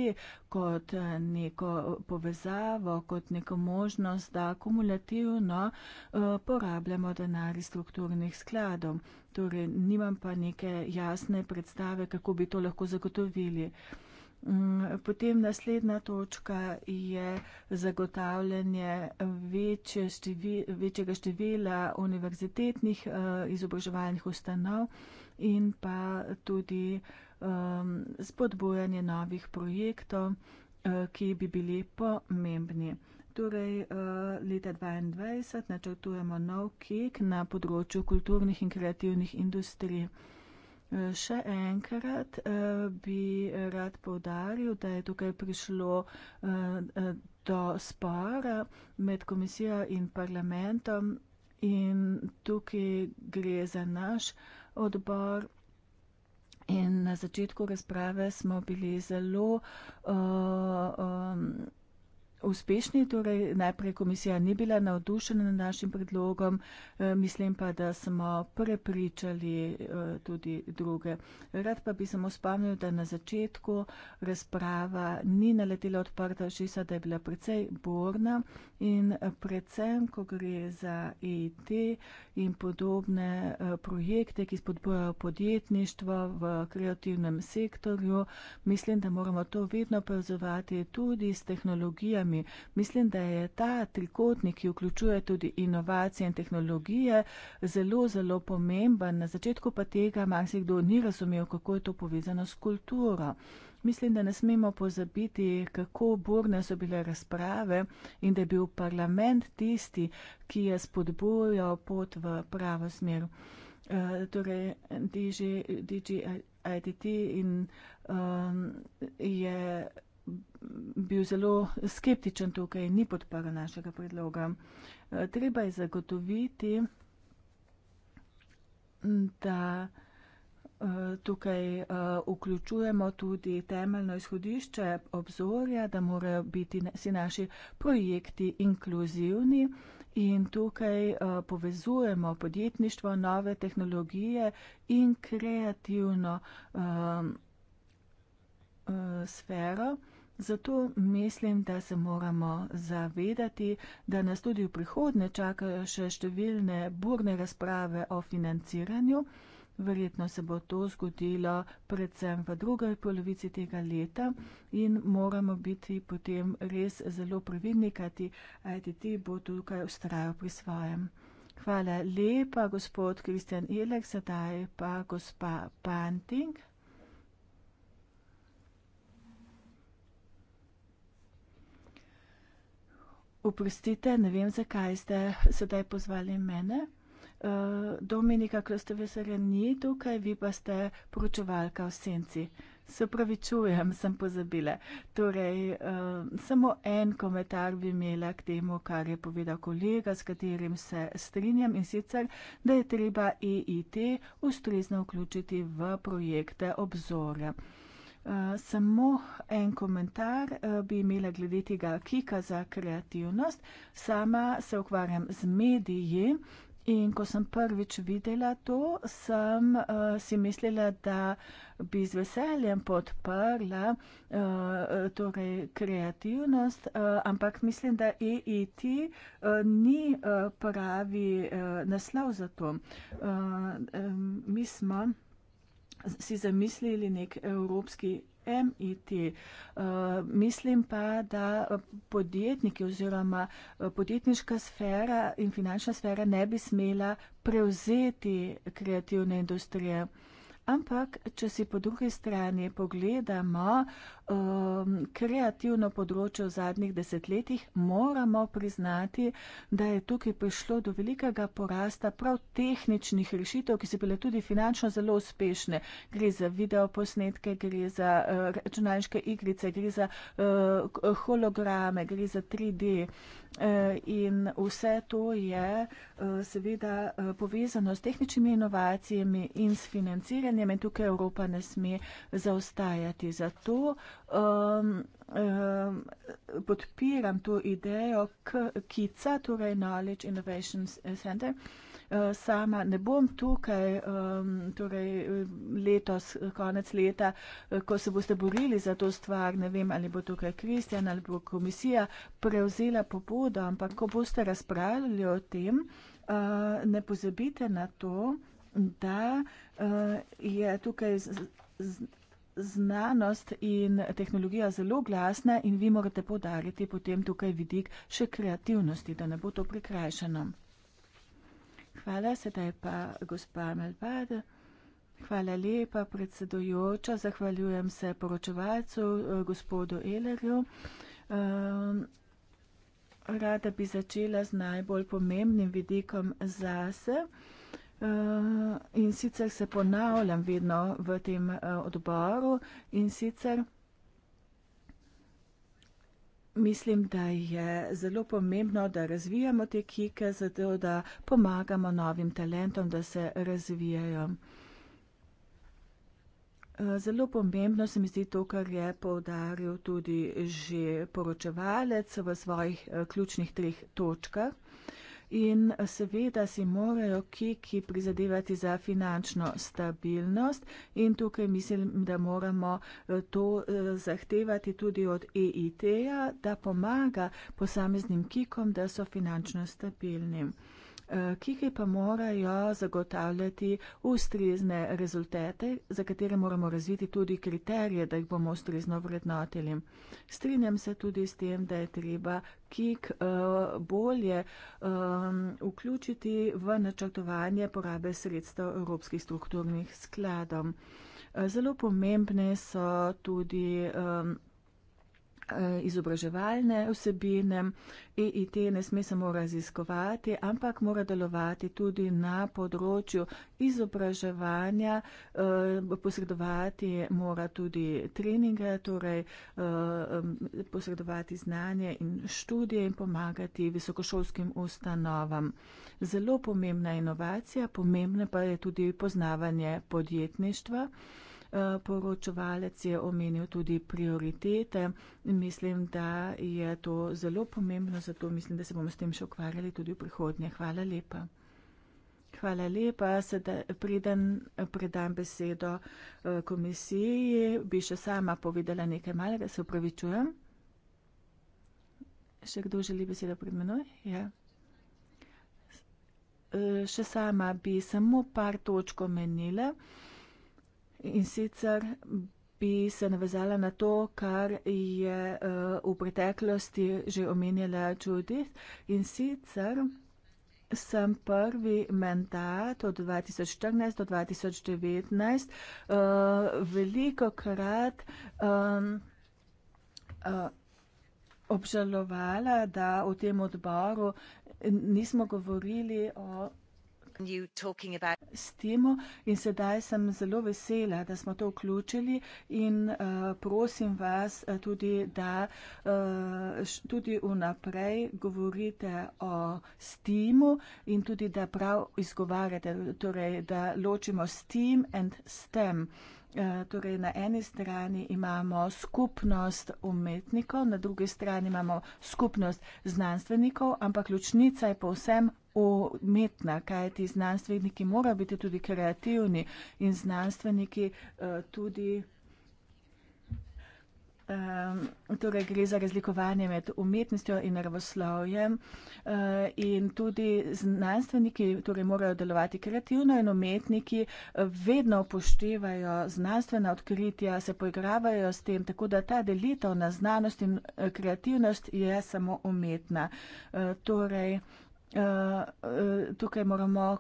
Speaker 1: kot eh, neko povezavo, kot neko možnost, da kumulativno eh, porabljamo denarje strukturnih skladov. Torej, nimam pa neke jasne predstave, kako bi to lahko zagotovili. Mm, potem naslednja točka je zagotavljanje večje števi, večjega števila univerzitetnih eh, izobraževalnih ustanov in pa tudi ehm, spodbujanje novih projektov, eh, ki bi bili pomembni. Torej, eh, leta 2022 načrtujemo nov kek na področju kulturnih in kreativnih industrij. Še enkrat eh, bi rad povdaril, da je tukaj prišlo eh, eh, do spora med komisijo in parlamentom in tukaj gre za naš odbor. In na začetku razprave smo bili zelo uh, um, uspešni, torej najprej komisija ni bila navdušena nad našim predlogom, eh, mislim pa, da smo prepričali eh, tudi druge. Rad pa bi samo spomnil, da na začetku razprava ni naletela odprta šisa, da je bila precej borna in eh, predvsem, ko gre za IT e in podobne projekte, ki spodbojajo podjetništvo v kreativnem sektorju, mislim, da moramo to vedno povezovati tudi s tehnologijami, temi. Mislim, da je ta trikotnik, ki vključuje tudi inovacije in tehnologije, zelo, zelo pomemben. Na začetku pa tega marsikdo ni razumel, kako je to povezano s kulturo. Mislim, da ne smemo pozabiti, kako burne so bile razprave in da je bil parlament tisti, ki je spodbujal pot v pravo smer. Uh, torej, DG, DG IDT in, um, je bil zelo skeptičen tukaj in ni podprl našega predloga. Eh, treba je zagotoviti, da eh, tukaj eh, vključujemo tudi temeljno izhodišče obzorja, da morajo biti si naši projekti inkluzivni. In tukaj uh, povezujemo podjetništvo, nove tehnologije in kreativno uh, uh, sfero. Zato mislim, da se moramo zavedati, da nas tudi v prihodne čakajo še številne burne razprave o financiranju. Verjetno se bo to zgodilo predvsem v drugoj polovici tega leta in moramo biti potem res zelo previdni, kajti ITT bo tukaj ustrajal pri svojem. Hvala lepa, gospod Kristjan Elek, sedaj pa gospa Panting. Oprostite, ne vem, zakaj ste sedaj pozvali mene. Eh, Dominika Klosteveser ni tukaj, vi pa ste poročevalka v senci. Se pravi, čujem, sem pozabila. Torej, eh, samo en komentar bi imela k temu, kar je povedal kolega, s katerim se strinjam in sicer, da je treba EIT ustrezno vključiti v projekte obzora. Eh, samo en komentar eh, bi imela glede tega kika za kreativnost. Sama se ukvarjam z mediji. In ko sem prvič videla to, sem uh, si mislila, da bi z veseljem podprla uh, torej kreativnost, uh, ampak mislim, da EIT uh, ni uh, pravi uh, naslov za to. Uh, um, mi smo si zamislili nek evropski MIT. Uh, eh, mislim pa, da eh, podjetniki oziroma eh, podjetniška sfera in finančna sfera ne bi smela prevzeti kreativne industrije. Ampak, če si po drugi strani pogledamo, uh, um, kreativno področje v zadnjih desetletjih, moramo priznati, da je tukaj prišlo do velikega porasta prav tehničnih rešitev, ki so bile tudi finančno zelo uspešne. Gre za videoposnetke, gre za uh, računalniške igrice, gre za uh, holograme, gre za 3D. Uh, in vse to je uh, seveda uh, povezano s tehničnimi inovacijami in s financiranjem in tukaj Evropa ne sme zaostajati. Zato um, um, podpiram to idejo KICA, torej Knowledge Innovation Center. Uh, sama ne bom tukaj, um, torej letos, konec leta, uh, ko se boste borili za to stvar, ne vem, ali bo tukaj Kristjan ali bo komisija prevzela pobudo, ampak ko boste razpravljali o tem, uh, ne pozabite na to, da je tukaj. Z, z, znanost in tehnologija zelo glasne in vi morate podariti potem tukaj vidik še kreativnosti, da ne bo to prikrajšano. Hvala, sedaj pa gospa Melbad. Hvala lepa, predsedojoča. Zahvaljujem se poročevalcu, eh, gospodu Elerju. Ehm, rada bi začela z najbolj pomembnim vidikom zase. Eh, in sicer se ponavljam vedno v tem eh, odboru in sicer mislim, da je zelo pomembno, da razvijamo te kike, zato da pomagamo novim talentom, da se razvijajo. Eh, zelo pomembno se mi zdi to, kar je poudaril tudi že poročevalec v svojih ključnih treh točkah in seveda si morajo kiki prizadevati za finančno stabilnost in tukaj mislim, da moramo eh, to eh, zahtevati tudi od EIT-ja, da pomaga posameznim kikom, da so finančno stabilni. Eh, ki jih pa morajo zagotavljati ustrezne rezultate, za katere moramo razviti tudi kriterije, da jih bomo ustrezno vrednotili. Strinjam se tudi s tem, da je treba KIK uh, bolje um, vključiti v načrtovanje porabe sredstev Evropskih strukturnih skladov. Eh, zelo pomembne so tudi um, Eh, izobraževalne vsebine. EIT ne sme samo raziskovati, ampak mora delovati tudi na področju izobraževanja, eh, posredovati mora tudi treninge, torej eh, posredovati znanje in študije in pomagati visokošolskim ustanovam. Zelo pomembna inovacija, pomembne pa je tudi poznavanje podjetništva. Eh, poročevalec je omenil tudi prioritete. Mislim, da je to zelo pomembno, zato mislim, da se bomo s tem še ukvarjali tudi v prihodnje. Hvala lepa. Hvala lepa. Sedaj, preden predam besedo eh, komisiji, bi še sama povedala nekaj malega, se upravičujem. Še kdo želi besedo pred menoj? Ja. Eh, še sama bi samo par točk omenila. In sicer bi se navezala na to, kar je eh, v preteklosti že omenjala Judith. In sicer sem prvi mandat od 2014 do 2019 veliko krat obžalovala, da v tem odboru nismo govorili o s temo in sedaj sem zelo vesela, da smo to vključili in uh, prosim vas eh, tudi, da uh, tudi vnaprej govorite o STEAM-u in tudi, da prav izgovarjate, torej, da ločimo STEAM and STEM. Torej, na eni strani imamo skupnost umetnikov, na drugi strani imamo skupnost znanstvenikov, ampak ključnica je povsem umetna, kaj ti znanstveniki morajo biti tudi kreativni in znanstveniki uh, tudi. Um, torej gre za razlikovanje med umetnostjo in naravoslovjem uh, in tudi znanstveniki torej morajo delovati kreativno in umetniki eh, vedno upoštevajo znanstvena odkritja, se poigravajo s tem, tako da ta delitev na znanost in kreativnost je samo umetna. Uh, torej, Eh, eh, tukaj moramo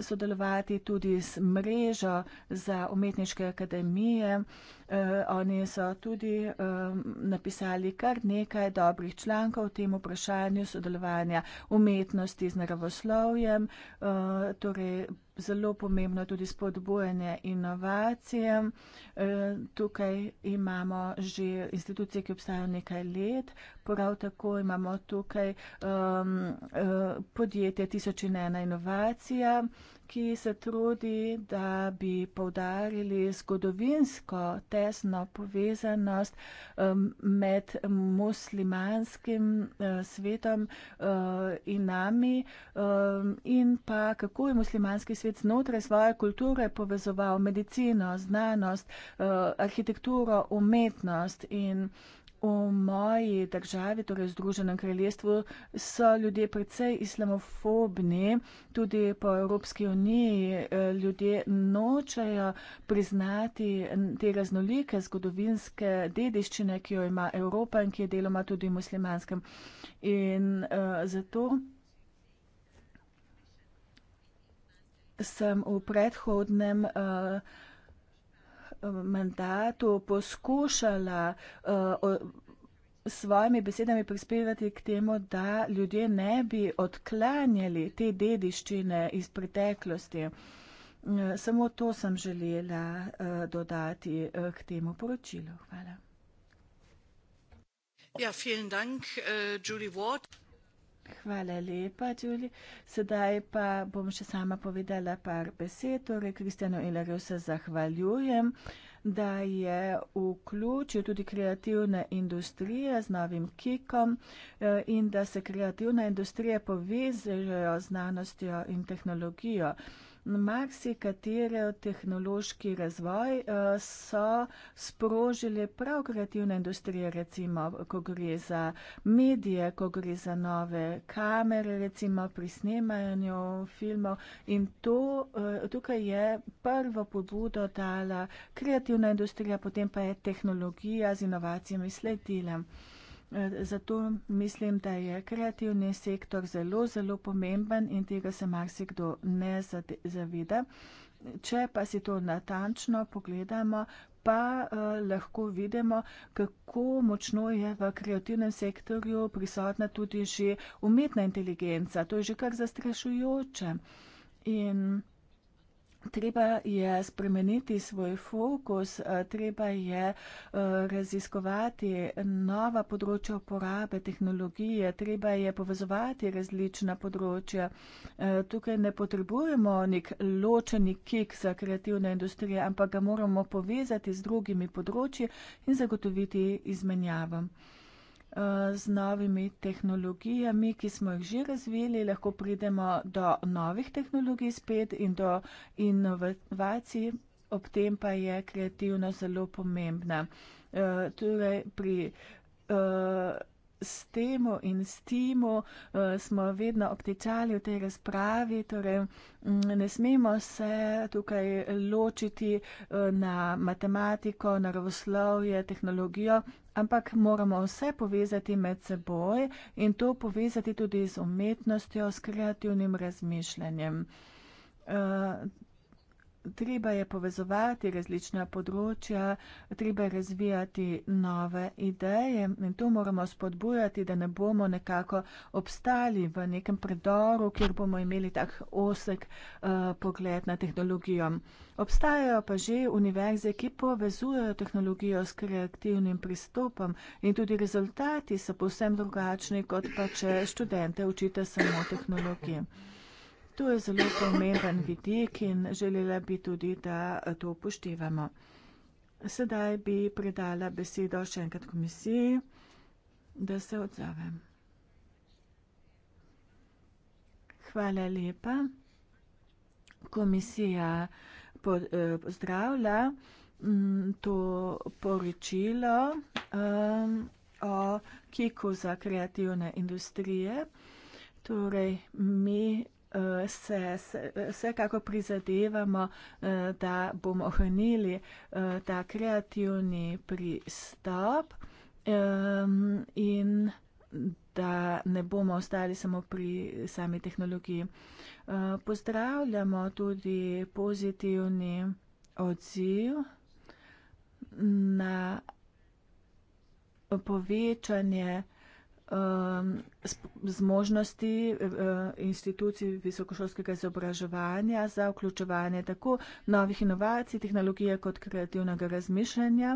Speaker 1: sodelovati tudi s mrežo za umetniške akademije, uh, uh, oni so tudi um, napisali kar nekaj dobrih člankov o tem vprašanju sodelovanja umetnosti z naravoslovjem, uh, torej zelo pomembno tudi spodbojanje inovacijem. Uh, tukaj imamo že institucije, ki obstajajo nekaj let, prav tako imamo tukaj um, uh, podjetje Tisočinena inovacija, uh, ki se trudi, da bi povdarili zgodovinsko tesno povezanost um, med muslimanskim uh, svetom uh, in nami um, in pa kako je muslimanski svet znotraj svoje kulture povezoval medicino, znanost, uh, arhitekturo, umetnost in arhitekturo v moji državi, torej Združenem kraljestvu, so ljudje precej islamofobni, tudi po Evropski uniji eh, ljudje nočajo priznati te raznolike zgodovinske dediščine, ki jo ima Evropa in ki je deloma tudi muslimanskem. In uh, zato sem v predhodnem. Uh, mandatu poskušala uh, eh, s svojimi besedami prispevati k temu, da ljudje ne bi odklanjali te dediščine iz preteklosti. Eh, samo to sem želela eh, dodati k temu poročilu. Hvala. Ja, vielen Dank, Julie Ward. Hvala lepa, Đuli. Sedaj pa bom še sama povedala par besed. Torej, Kristjanu Ilarju se zahvaljujem, da je vključil tudi kreativne industrije z novim kikom eh, in da se kreativne industrije povezajo z znanostjo in tehnologijo marsikateri tehnološki razvoj eh, so sprožili prav kreativne industrije, recimo, ko gre za medije, ko gre za nove kamere, recimo pri snemanju filmov. In to eh, tukaj je prvo pobudo dala kreativna industrija, potem pa je tehnologija z inovacijami sledila. Zato mislim, da je kreativni sektor zelo, zelo pomemben in tega se marsikdo ne zaveda. Če pa si to natančno pogledamo, pa eh, lahko vidimo, kako močno je v kreativnem sektorju prisotna tudi že umetna inteligenca. To je že kar zastrašujoče. In Treba je spremeniti svoj fokus, eh, treba je eh, raziskovati nova področja uporabe tehnologije, treba je povezovati različna področja. Eh, tukaj ne potrebujemo nek ločeni kik za kreativne industrije, ampak ga moramo povezati z drugimi področji in zagotoviti izmenjavo. Eh, z novimi tehnologijami, ki smo jih že razvili, lahko pridemo do novih tehnologij spet in do inovacij, ob tem pa je kreativnost zelo pomembna. Uh, torej pri uh, s temo in s timo eh, smo vedno obtičali v tej razpravi, torej mm, ne smemo se tukaj ločiti eh, na matematiko, naravoslovje, tehnologijo, ampak moramo vse povezati med seboj in to povezati tudi z umetnostjo, s kreativnim razmišljanjem. Eh, treba je povezovati različna področja, treba je razvijati nove ideje in to moramo spodbujati, da ne bomo nekako obstali v nekem predoru, kjer bomo imeli tak osek uh, pogled na tehnologijo. Obstajajo pa že univerze, ki povezujejo tehnologijo s kreativnim pristopom in tudi rezultati so povsem drugačni, kot pa če študente učite samo tehnologijo. To je zelo pomemben vidik in želela bi tudi, da to upoštevamo. Sedaj bi predala besedo še enkrat komisiji, da se odzovem. Hvala lepa. Komisija eh, pozdravlja mm, to poročilo eh, o kiku za kreativne industrije. Torej, mi se vsekako prizadevamo, eh, da bomo ohranili eh, ta kreativni pristop ehm, in da ne bomo ostali samo pri sami tehnologiji. Eh, pozdravljamo tudi pozitivni odziv na povečanje um, zmožnosti uh, eh, eh, institucij visokošolskega izobraževanja za vključevanje tako novih inovacij, tehnologije kot kreativnega razmišljanja.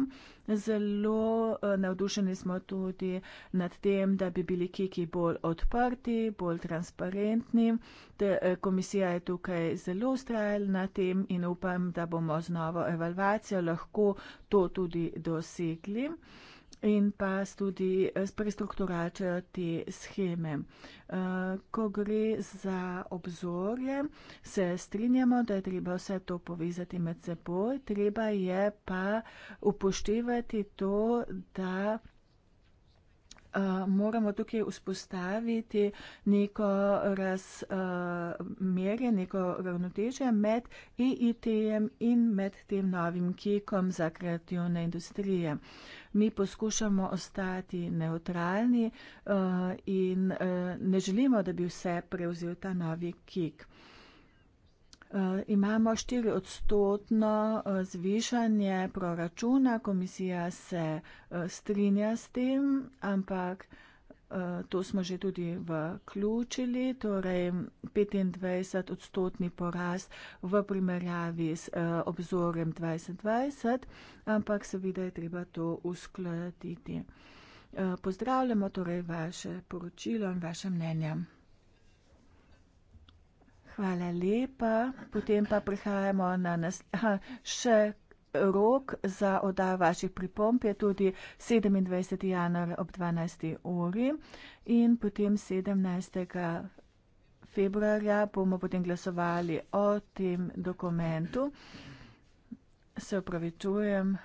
Speaker 1: Zelo uh, navdušeni smo tudi nad tem, da bi bili kiki bolj odprti, bolj transparentni. Te, uh, komisija je tukaj zelo ustrajala na tem in upam, da bomo z novo evalvacijo lahko to tudi dosegli in pa tudi eh, prestrukturacijo te scheme. Eh, ko gre za obzorje, se strinjamo, da je treba vse to povezati med seboj, treba je pa upoštevati to, da eh, moramo tukaj vzpostaviti neko razmerje, neko ravnotežje med e IIT-jem in med tem novim kekom za kreativne industrije mi poskušamo ostati neutralni eh, in eh, ne želimo, da bi vse prevzel ta novi kik. Eh, imamo 4 odstotno zvišanje proračuna, komisija se strinja s tem, ampak Eh, to smo že tudi vključili, torej 25 odstotni poraz v primerjavi z eh, obzorjem 2020, ampak seveda je treba to uskladiti. Eh, pozdravljamo torej vaše poročilo in vaše mnenja. Hvala lepa. Potem pa prihajamo na nas, aha, še Rok za odajo vaših pripomp je tudi 27. januar ob 12. uri in potem 17. februarja bomo potem glasovali o tem dokumentu. Se upravičujem,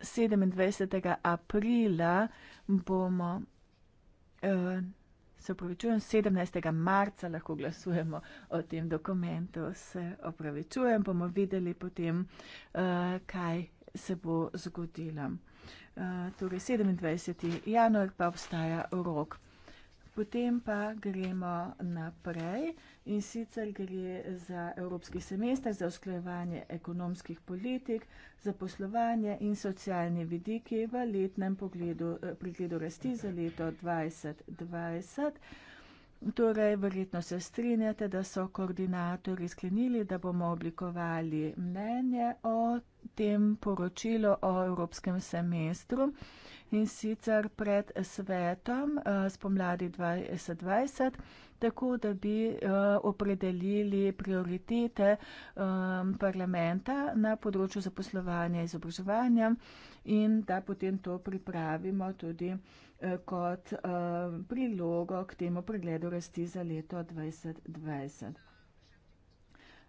Speaker 1: 27. aprila bomo. Uh, se opravičujem, 17. marca lahko glasujemo o tem dokumentu. Se opravičujem, bomo videli potem, eh, kaj se bo zgodilo. Eh, torej 27. januar pa obstaja rok. Potem pa gremo naprej in sicer gre za Evropski semester, za usklajevanje ekonomskih politik, za poslovanje in socialni vidiki v letnem pogledu, eh, pregledu rasti za leto 2020. Torej, verjetno se strinjate, da so koordinatori sklenili, da bomo oblikovali mnenje o tem poročilu o Evropskem semestru in sicer pred svetom eh, spomladi 2020, tako da bi eh, opredelili prioritete eh, parlamenta na področju zaposlovanja in izobraževanja in da potem to pripravimo tudi kot prilogo k temu pregledu rasti za leto 2020.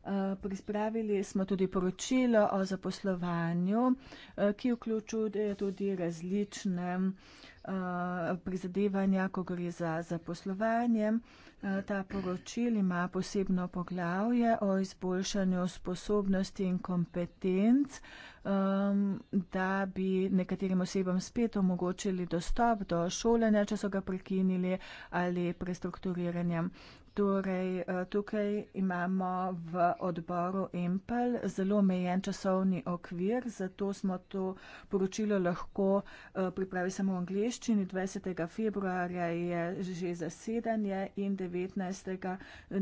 Speaker 1: Eh, Prispravili smo tudi poročilo o zaposlovanju, eh, ki vključuje tudi različne eh, prizadevanja, ko gre za zaposlovanje. Ta poročil ima posebno poglavje o izboljšanju sposobnosti in kompetenc, ehm, da bi nekaterim osebam spet omogočili dostop do šolanja, če so ga prekinili ali prestrukturiranja. Torej, eh, tukaj imamo v odboru EMPEL zelo omejen časovni okvir, zato smo to poročilo lahko eh, pripravili samo v angliščini. 20. februarja je že zasedanje in 19.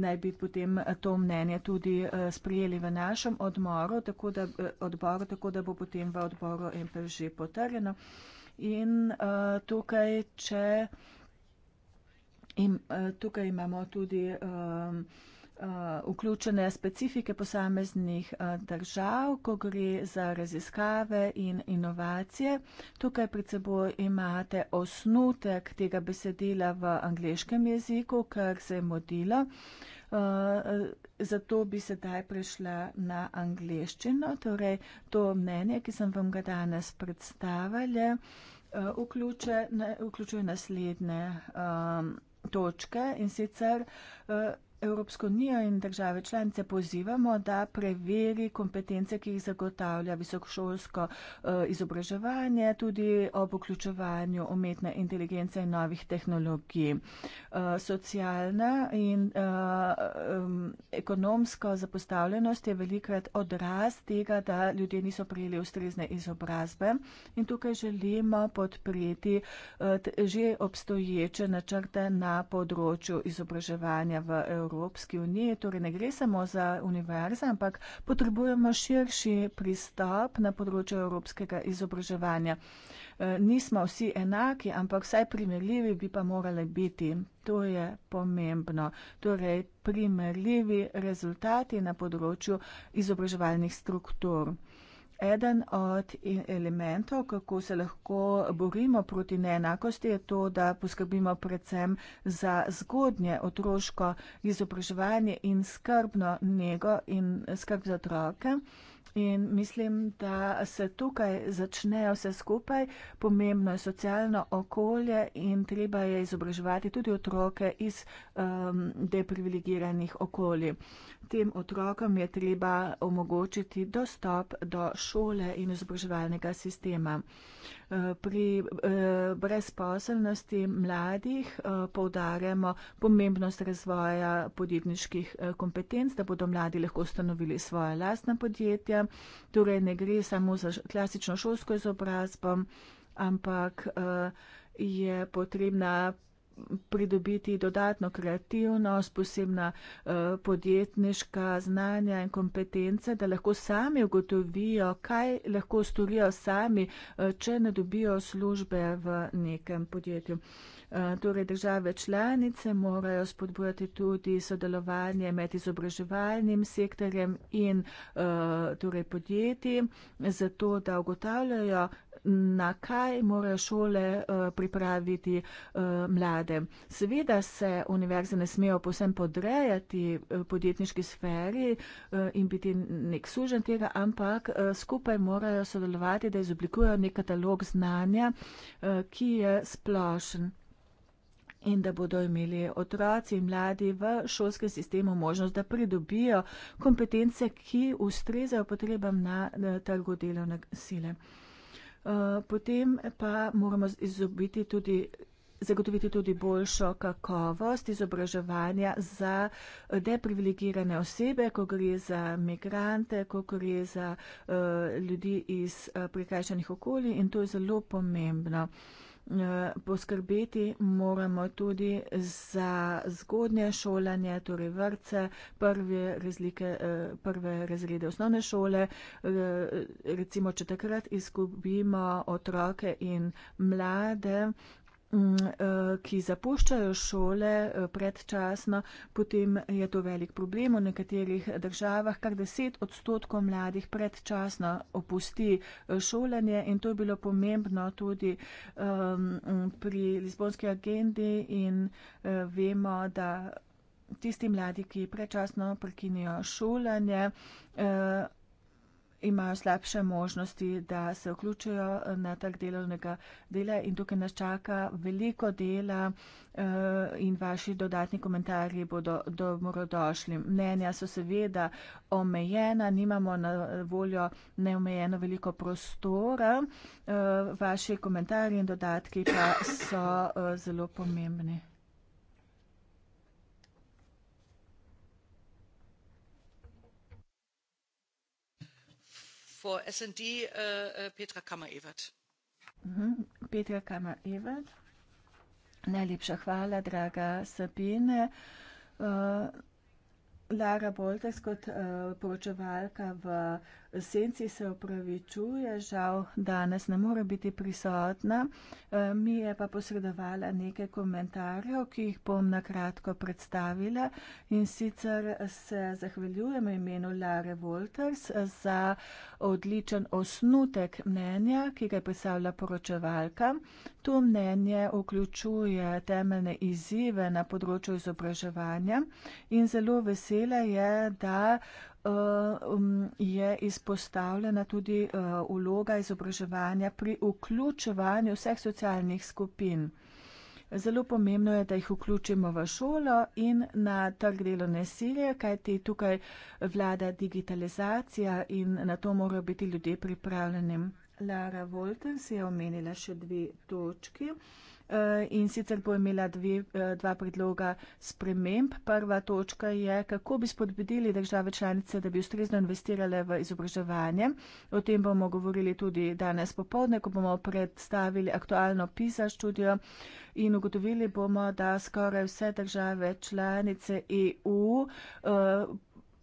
Speaker 1: naj bi potem to mnenje tudi eh, sprijeli v našem odmoru, tako da, odboru, tako da bo potem v odboru EMPEL že potrjeno. In uh, tukaj, če. In uh, tukaj imamo tudi uh, uh, vključene specifike posameznih uh, držav, ko gre za raziskave in inovacije. Tukaj pred seboj imate osnutek tega besedila v angliškem jeziku, kar se je modilo. Uh, Zato bi sedaj prešla na angliščino. Torej, to mnenje, ki sem vam ga danes predstavila, vključuje naslednje. Um, točke, in sicer eh, Evropsko unijo in države članice pozivamo, da preveri kompetence, ki jih zagotavlja visokošolsko eh, izobraževanje, tudi ob vključevanju umetne inteligence in novih tehnologij. Eh, socialna in eh, ekonomska zapostavljenost je velikrat odraz tega, da ljudje niso prijeli ustrezne izobrazbe in tukaj želimo podpreti že obstoječe načrte na področju izobraževanja v Evropi. Evropski uniji. Torej ne gre samo za univerze, ampak potrebujemo širši pristop na področju evropskega izobraževanja. E, nismo vsi enaki, ampak vsaj primerljivi bi pa morali biti. To je pomembno. Torej primerljivi rezultati na področju izobraževalnih struktur. Eden od elementov, kako se lahko borimo proti neenakosti, je to, da poskrbimo predvsem za zgodnje otroško izobraževanje in skrbno nego in skrb za otroke. In mislim, da se tukaj začnejo vse skupaj. Pomembno je socialno okolje in treba je izobraževati tudi otroke iz um, deprivilegiranih okolij tem otrokom je treba omogočiti dostop do šole in izobraževalnega sistema. Eh, pri eh, brezposelnosti mladih eh, poudarjamo pomembnost razvoja podjetniških kompetenc, da bodo mladi lahko ustanovili svoje lastna podjetja. Torej ne gre samo za klasično šolsko izobrazbo, ampak je potrebna pridobiti dodatno kreativnost, posebna eh, podjetniška znanja in kompetence, da lahko sami ugotovijo, kaj lahko storijo sami, eh, če ne dobijo službe v nekem podjetju. Eh, torej, države članice morajo spodbujati tudi sodelovanje med izobraževalnim sektorjem in torej, podjetji, zato da ugotavljajo, na kaj morajo šole uh, pripraviti uh, mlade. Seveda se univerze ne smejo posem podrejati uh, podjetniški sferi uh, in biti nek sužen tega, ampak uh, skupaj morajo sodelovati, da izoblikujejo nek katalog znanja, uh, ki je splošen. In da bodo imeli otroci in mladi v šolskem sistemu možnost, da pridobijo kompetence, ki ustrezajo potrebam na, na trgu delovne sile potem pa moramo izobiti tudi zagotoviti tudi boljšo kakovost izobraževanja za deprivilegirane osebe, ko gre za migrante, ko gre za uh, ljudi iz uh, prikrajšanih okolij in to je zelo pomembno. Uh, Eh, poskrbeti moramo tudi za zgodnje šolanje, torej vrce, prve, razlike, eh, prve razrede osnovne šole. Eh, recimo, če takrat izgubimo otroke in mlade, Eh, ki zapuščajo šole eh, predčasno, potem je to velik problem. V nekaterih državah kar 10 odstotkov mladih predčasno opusti eh, šolanje in to je bilo pomembno tudi pri Lizbonski agendi in vemo, da tisti mladi, ki predčasno prekinijo šolanje, imajo slabše možnosti, da se vključijo na tak delovnega dela in tukaj nas čaka veliko dela eh, in vaši dodatni komentarji bodo dobrodošli. Mnenja so seveda omejena, nimamo na voljo neomejeno veliko prostora, eh, vaši komentarji in dodatki pa so eh, zelo pomembni.
Speaker 3: for S&D, uh, äh, uh, äh, Petra
Speaker 1: Kammer-Evert. Mm -hmm. Petra Kammer-Evert. Najlepša hvala, draga Sabine. Uh, Lara Bolters kot uh, poročevalka v Senci se opravičuje, žal danes ne more biti prisotna, e, mi je pa posredovala nekaj komentarjev, ki jih bom nakratko predstavila in sicer se zahvaljujem imenu Lare Wolters za odličen osnutek mnenja, ki ga je predstavila poročevalka. To mnenje vključuje temeljne izzive na področju izobraževanja in zelo vesela je, da Um, je izpostavljena tudi uh, vloga izobraževanja pri vključevanju vseh socialnih skupin. Zelo pomembno je, da jih vključimo v šolo in na trg delovne sile, kajti tukaj vlada digitalizacija in na to morajo biti ljudje pripravljeni. Lara Volten si je omenila še dve točki. Eh, in sicer bo imela dve, eh, dva predloga sprememb. Prva točka je, kako bi spodbudili države članice, da bi ustrezno investirale v izobraževanje. O tem bomo govorili tudi danes popovdne, ko bomo predstavili aktualno PISA študijo in ugotovili bomo, da skoraj vse države članice EU eh,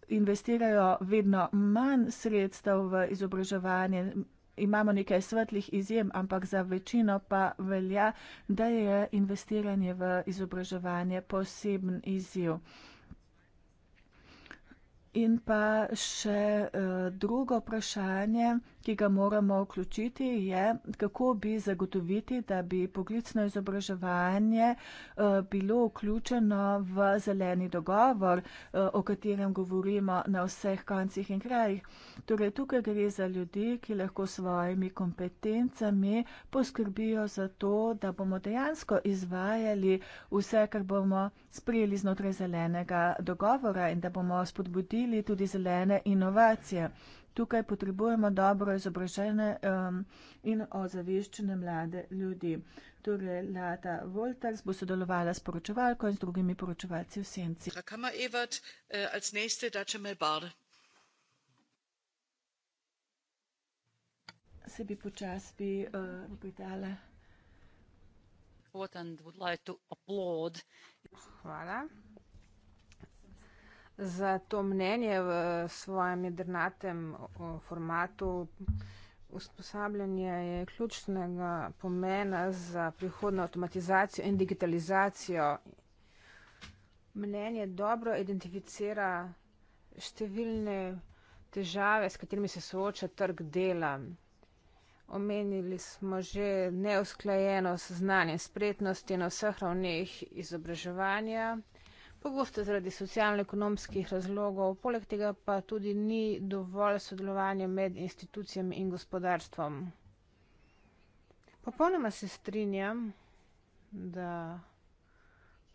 Speaker 1: investirajo vedno manj sredstev v izobraževanje imamo nekaj svetlih izjem, ampak za večino pa velja, da je investiranje v izobraževanje poseben izjiv. In pa še eh, drugo vprašanje ki ga moramo vključiti, je, kako bi zagotoviti, da bi poklicno izobraževanje eh, bilo vključeno v zeleni dogovor, eh, o katerem govorimo na vseh koncih in krajih. Torej, tukaj gre za ljudi, ki lahko svojimi kompetencami poskrbijo za to, da bomo dejansko izvajali vse, kar bomo sprejeli znotraj zelenega dogovora in da bomo spodbudili tudi zelene inovacije tukaj potrebujemo dobro izobražene um, in ozaveščene mlade ljudi. Torej, Lata Wolters bo sodelovala s poročevalko in z drugimi poročevalci v Senci. Äh, Se bi počas
Speaker 3: bi uh, pridala. Hvala za to mnenje v svojem jedrnatem formatu. Usposabljanje je ključnega pomena za prihodno avtomatizacijo in digitalizacijo. Mnenje dobro identificira številne težave, s katerimi se sooča trg dela. Omenili smo že neusklajenost znanja in spretnosti na vseh ravneh izobraževanja. Pogosto zaradi socialno-ekonomskih razlogov, poleg tega pa tudi ni dovolj sodelovanja med institucijami in gospodarstvom. Popolnoma se strinjam, da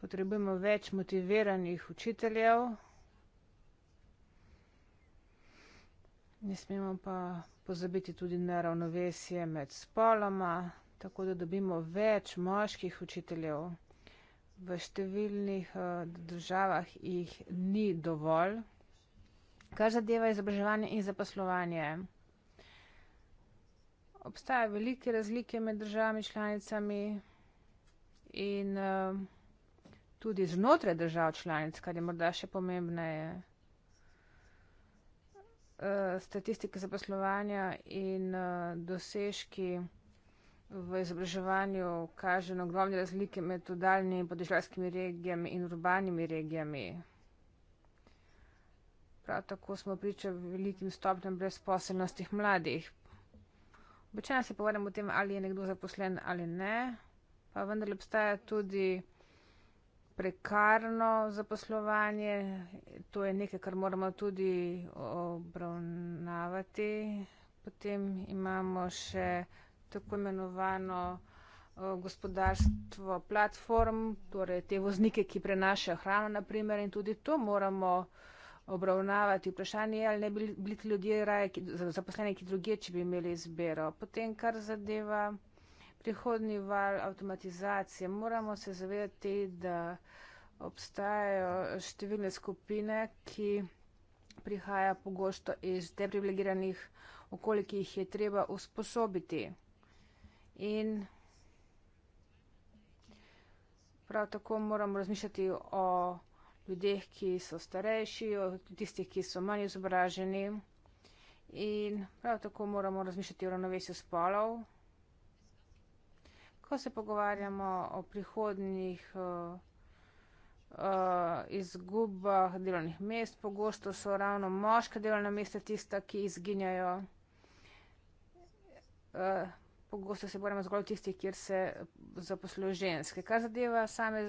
Speaker 3: potrebujemo več motiviranih učiteljev, ne smemo pa pozabiti tudi na ravnovesje med spoloma, tako da dobimo več moških učiteljev v številnih eh, državah jih ni dovolj. Kar zadeva izobraževanje in zaposlovanje. Obstaja velike razlike med državami članicami in eh, tudi znotraj držav članic, kar je morda še pomembneje. Eh, statistike zaposlovanja in dosežki v izobraževanju kaže na glavne razlike med udaljnimi podeželskimi regijami in urbanimi regijami. Prav tako smo priča velikim stopnjem brezposelnosti mladih. Običajno se povedamo o tem, ali je nekdo zaposlen ali ne, pa vendar obstaja tudi prekarno zaposlovanje. To je nekaj, kar moramo tudi obravnavati. Potem imamo še tako imenovano eh, gospodarstvo platform, torej te voznike, ki prenašajo hrano, naprimer, in tudi to moramo obravnavati. Vprašanje je, ali ne bi bili ti ljudje raje zaposleni, ki druge, če bi imeli izbero. Potem, kar zadeva prihodni val avtomatizacije, moramo se zavedati, da obstajajo številne skupine, ki prihaja pogosto iz deprivilegiranih okolij, ki jih je treba usposobiti. In prav tako moram razmišljati o ljudeh, ki so starejši, o tistih, ki so manj izobraženi. In prav tako moramo razmišljati o ravnovesju spolov. Ko se pogovarjamo o prihodnih uh, eh, uh, eh, izgubah delovnih mest, pogosto so ravno moška delovna mesta tista, ki izginjajo. Uh, pogosto se borimo zgolj v tistih, kjer se zaposlujejo ženske, kar zadeva same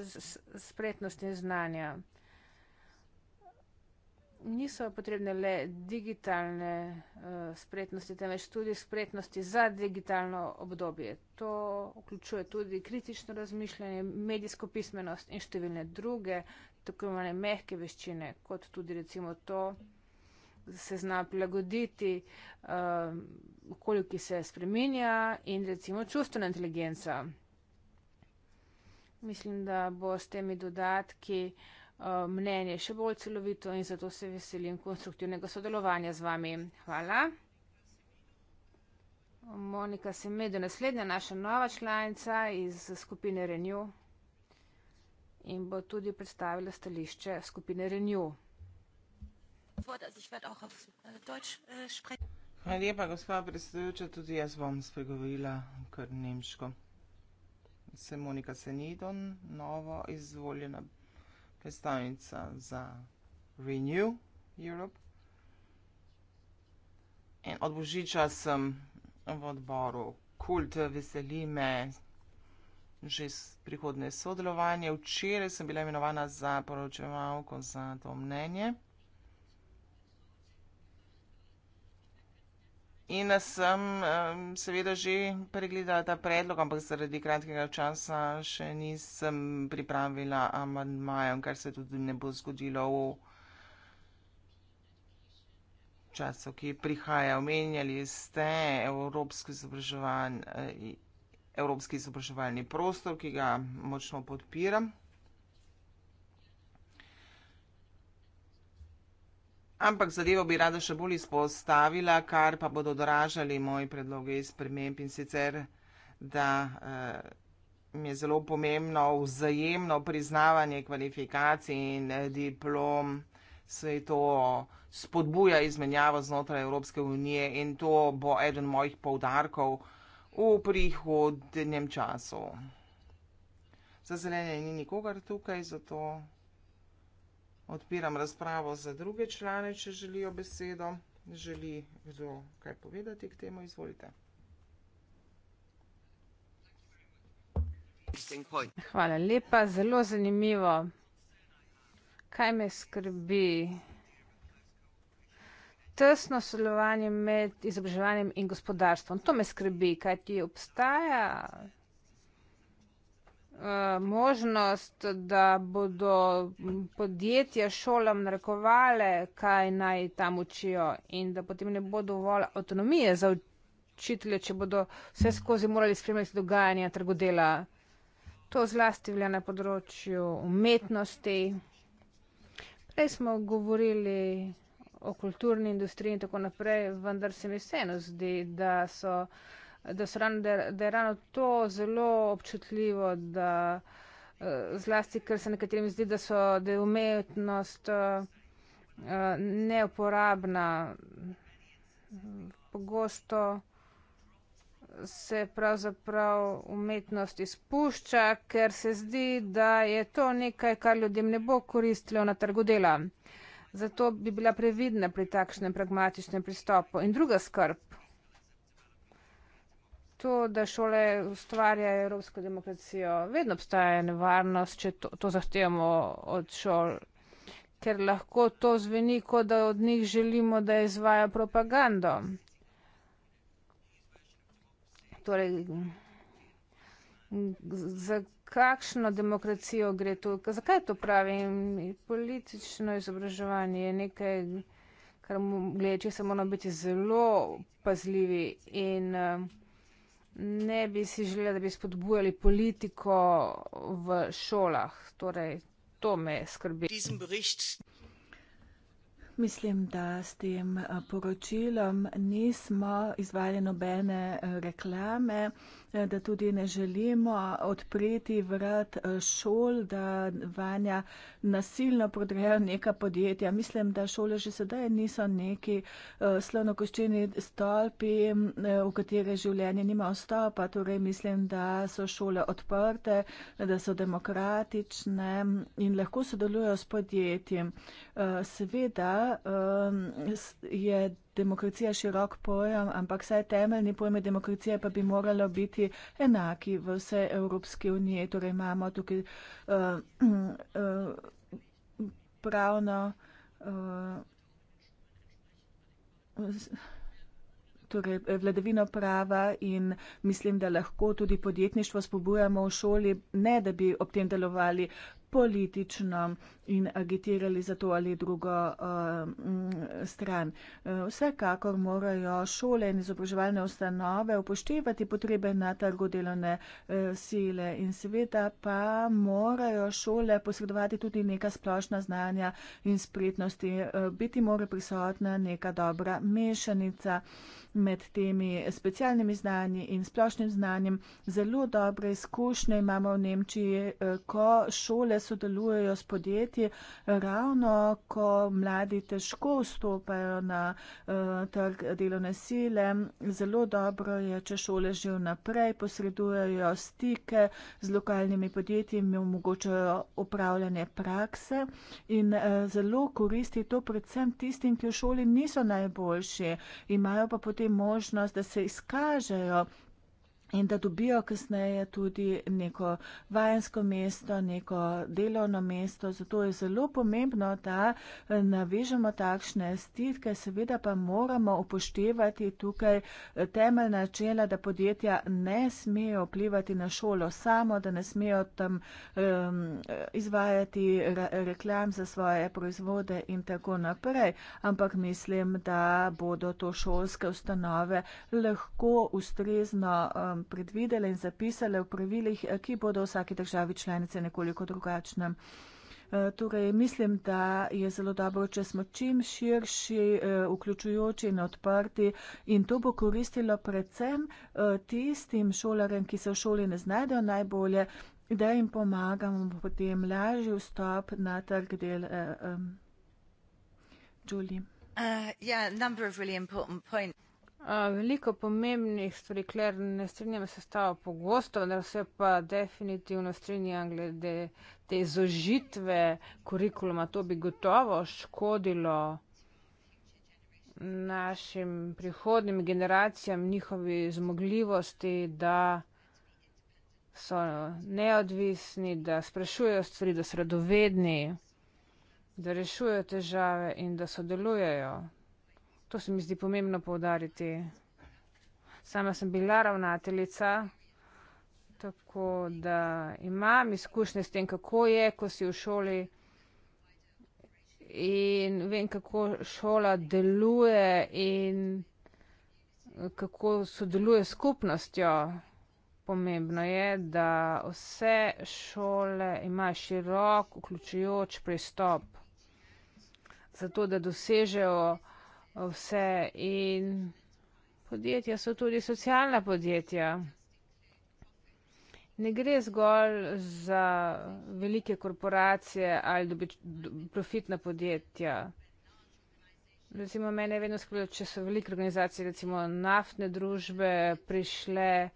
Speaker 3: spretnosti in znanja. Niso potrebne le digitalne uh, spretnosti, temveč tudi spretnosti za digitalno obdobje. To vključuje tudi kritično razmišljanje, medijsko pismenost in številne druge, tako imenovane mehke veščine, kot tudi recimo to, da se zna prilagoditi uh, okolju, ki se spremenja in recimo čustvena inteligenca. Mislim, da bo s temi dodatki uh, mnenje še bolj celovito in zato se veselim konstruktivnega sodelovanja z vami. Hvala. Monika se med do naslednja naša nova članica iz skupine Renew in bo tudi predstavila stališče skupine Renew.
Speaker 1: Vod, da si vedno hočem deutsch äh, sprejeti.
Speaker 2: Hvala lepa, gospa predsedujoča. Tudi jaz bom spregovorila kar nemško. Se Monika Senidon, novo izvoljena predstavnica za Renew Europe. In od božiča sem v odboru Kult, veseli me že prihodne sodelovanje. Včeraj sem bila imenovana za poročevalko za to mnenje. In sem um, seveda že pregledala ta predlog, ampak zaradi kratkega časa še nisem pripravila amandmajev, kar se tudi ne bo zgodilo v času, ki prihaja. Omenjali ste evropski, izobraževan, eh, evropski izobraževalni prostor, ki ga močno podpiram. Ampak zadevo bi rada še bolj izpostavila, kar pa bodo doražali moji predlogi sprememb in sicer, da eh, mi je zelo pomembno vzajemno priznavanje kvalifikacij in eh, diplom, se to spodbuja izmenjava znotraj Evropske unije in to bo eden mojih povdarkov v prihodnjem času. Za zelenje ni nikogar tukaj, zato. Odpiram razpravo za druge člane, če želijo besedo. Želi kdo kaj povedati k temu? Izvolite.
Speaker 3: Hvala lepa, zelo zanimivo. Kaj me skrbi? Tesno sodelovanje med izobraževanjem in gospodarstvom. To me skrbi, kaj ti obstaja? Eh, možnost, da bodo podjetja šolam narekovale, kaj naj tam učijo in da potem ne bo dovolj avtonomije za učitelje, če bodo vse skozi morali spremljati dogajanja trgodela. To zlasti velja na področju umetnosti. Prej smo govorili o kulturni industriji in tako naprej, vendar se mi vseeno zdi, da so da, so, da je ravno to zelo občutljivo, da eh, zlasti, ker se nekaterim zdi, da, so, da je umetnost eh, eh, neuporabna. Pogosto se pravzaprav umetnost izpušča, ker se zdi, da je to nekaj, kar ljudem ne bo koristilo na trgu dela. Zato bi bila previdna pri takšnem pragmatičnem pristopu. In druga skrb, to, da šole ustvarjajo evropsko demokracijo, vedno obstaja nevarnost, če to, to zahtevamo od šol, ker lahko to zveni, kot da od njih želimo, da izvajo propagando. Torej, za kakšno demokracijo gre to? Zakaj to pravim? Politično izobraževanje je nekaj, kar gledeče se moramo biti zelo pazljivi in uh, ne bi si želela, da bi spodbujali politiko v šolah. Torej, to me skrbi.
Speaker 1: Mislim, da s tem eh, poročilom nismo izvajali nobene eh, reklame. Eh, da tudi ne želimo eh, odpreti vrat eh, šol, da vanja nasilno prodrejo neka podjetja. Mislim, da šole že sedaj niso neki slonokoščeni stolpi, mm, v katere življenje nima vstopa. Torej, mislim, da so šole odprte, da so demokratične mm, in lahko sodelujo s podjetjem. Seveda je demokracija širok pojem, ampak vsaj temeljni pojme demokracije pa bi moralo biti enaki v vse Evropske unije. Torej imamo tukaj uh, uh, pravno. Uh, Torej, vladavino prava in mislim, da lahko tudi podjetništvo spobujamo v šoli, ne da bi ob tem delovali politično, in agitirali za to ali drugo uh, stran. Eh, vsekakor morajo šole in izobraževalne ustanove upoštevati potrebe na trgu delovne uh, sile in seveda pa morajo šole posredovati tudi neka splošna znanja in spretnosti. Uh, biti mora prisotna neka dobra mešanica med temi specialnimi znanji in splošnim znanjem. Zelo dobre izkušnje imamo v Nemčiji, uh, ko šole sodelujejo s podjetji, podjetje, ravno ko mladi težko vstopajo na uh, trg delovne sile. Zelo dobro je, če šole že vnaprej posredujejo stike z lokalnimi podjetji, mi omogočajo upravljanje prakse in uh, zelo koristi to predvsem tistim, ki v šoli niso najboljši, imajo pa potem možnost, da se izkažejo in da dobijo kasneje tudi neko vajensko mesto, neko delovno mesto. Zato je zelo pomembno, da eh, navežemo takšne stitke. Seveda pa moramo upoštevati tukaj eh, temeljna čela, da podjetja ne smejo vplivati na šolo samo, da ne smejo tam um, izvajati reklam za svoje proizvode in tako naprej. Ampak mislim, da bodo to šolske ustanove lahko ustrezno um, predvidele in zapisale v pravilih, eh, ki bodo vsake državi članice nekoliko drugačne. Eh, torej, mislim, da je zelo dobro, če smo čim širši, eh, vključujoči in odprti in to bo koristilo predvsem tistim šolarem, ki se v šoli ne znajdejo najbolje, da jim pomagamo potem lažji vstop na trg del. Julie.
Speaker 3: Uh, yeah, number of really important points. Veliko pomembnih stvari, kjer ne strinjam se s tabo pogosto, vendar se pa definitivno strinjam glede te izožitve kurikuluma. To bi gotovo škodilo našim prihodnim generacijam, njihovi zmogljivosti, da so neodvisni, da sprašujejo stvari, da so radovedni, da rešujejo težave in da sodelujejo. To se mi zdi pomembno povdariti. Sama sem bila ravnateljica, tako da imam izkušnje s tem, kako je, ko si v šoli in vem, kako šola deluje in kako sodeluje skupnostjo. Pomembno je, da vse šole imajo širok, vključujoč pristop, zato da dosežejo vse in podjetja so tudi socialna podjetja. Ne gre zgolj za velike korporacije ali dobič, do, profitna podjetja. Recimo, mene je vedno skrbelo, če so velike organizacije, recimo naftne družbe, prišle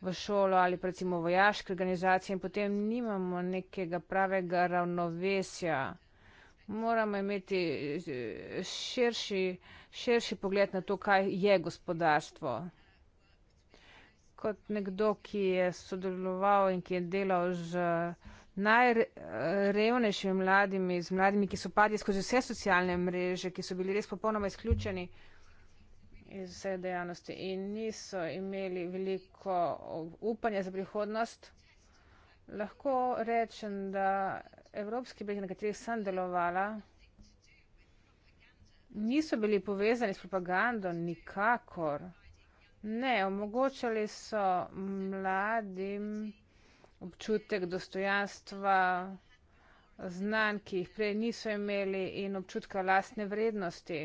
Speaker 3: v šolo ali pa recimo vojaške organizacije in potem nimamo nekega pravega ravnovesja moramo imeti eh, širši, širši pogled na to, kaj je gospodarstvo. Kot nekdo, ki je sodeloval in ki je delal z najrevnejšimi mladimi, z mladimi, ki so padli skozi vse socialne mreže, ki so bili res popolnoma izključeni iz vse dejavnosti in niso imeli veliko eh, upanja za prihodnost, lahko rečem, da evropski bregi, na katerih sem delovala, niso bili povezani s propagando nikakor. Ne, omogočali so mladim občutek dostojanstva, znanj, ki jih prej niso imeli in občutka lastne vrednosti.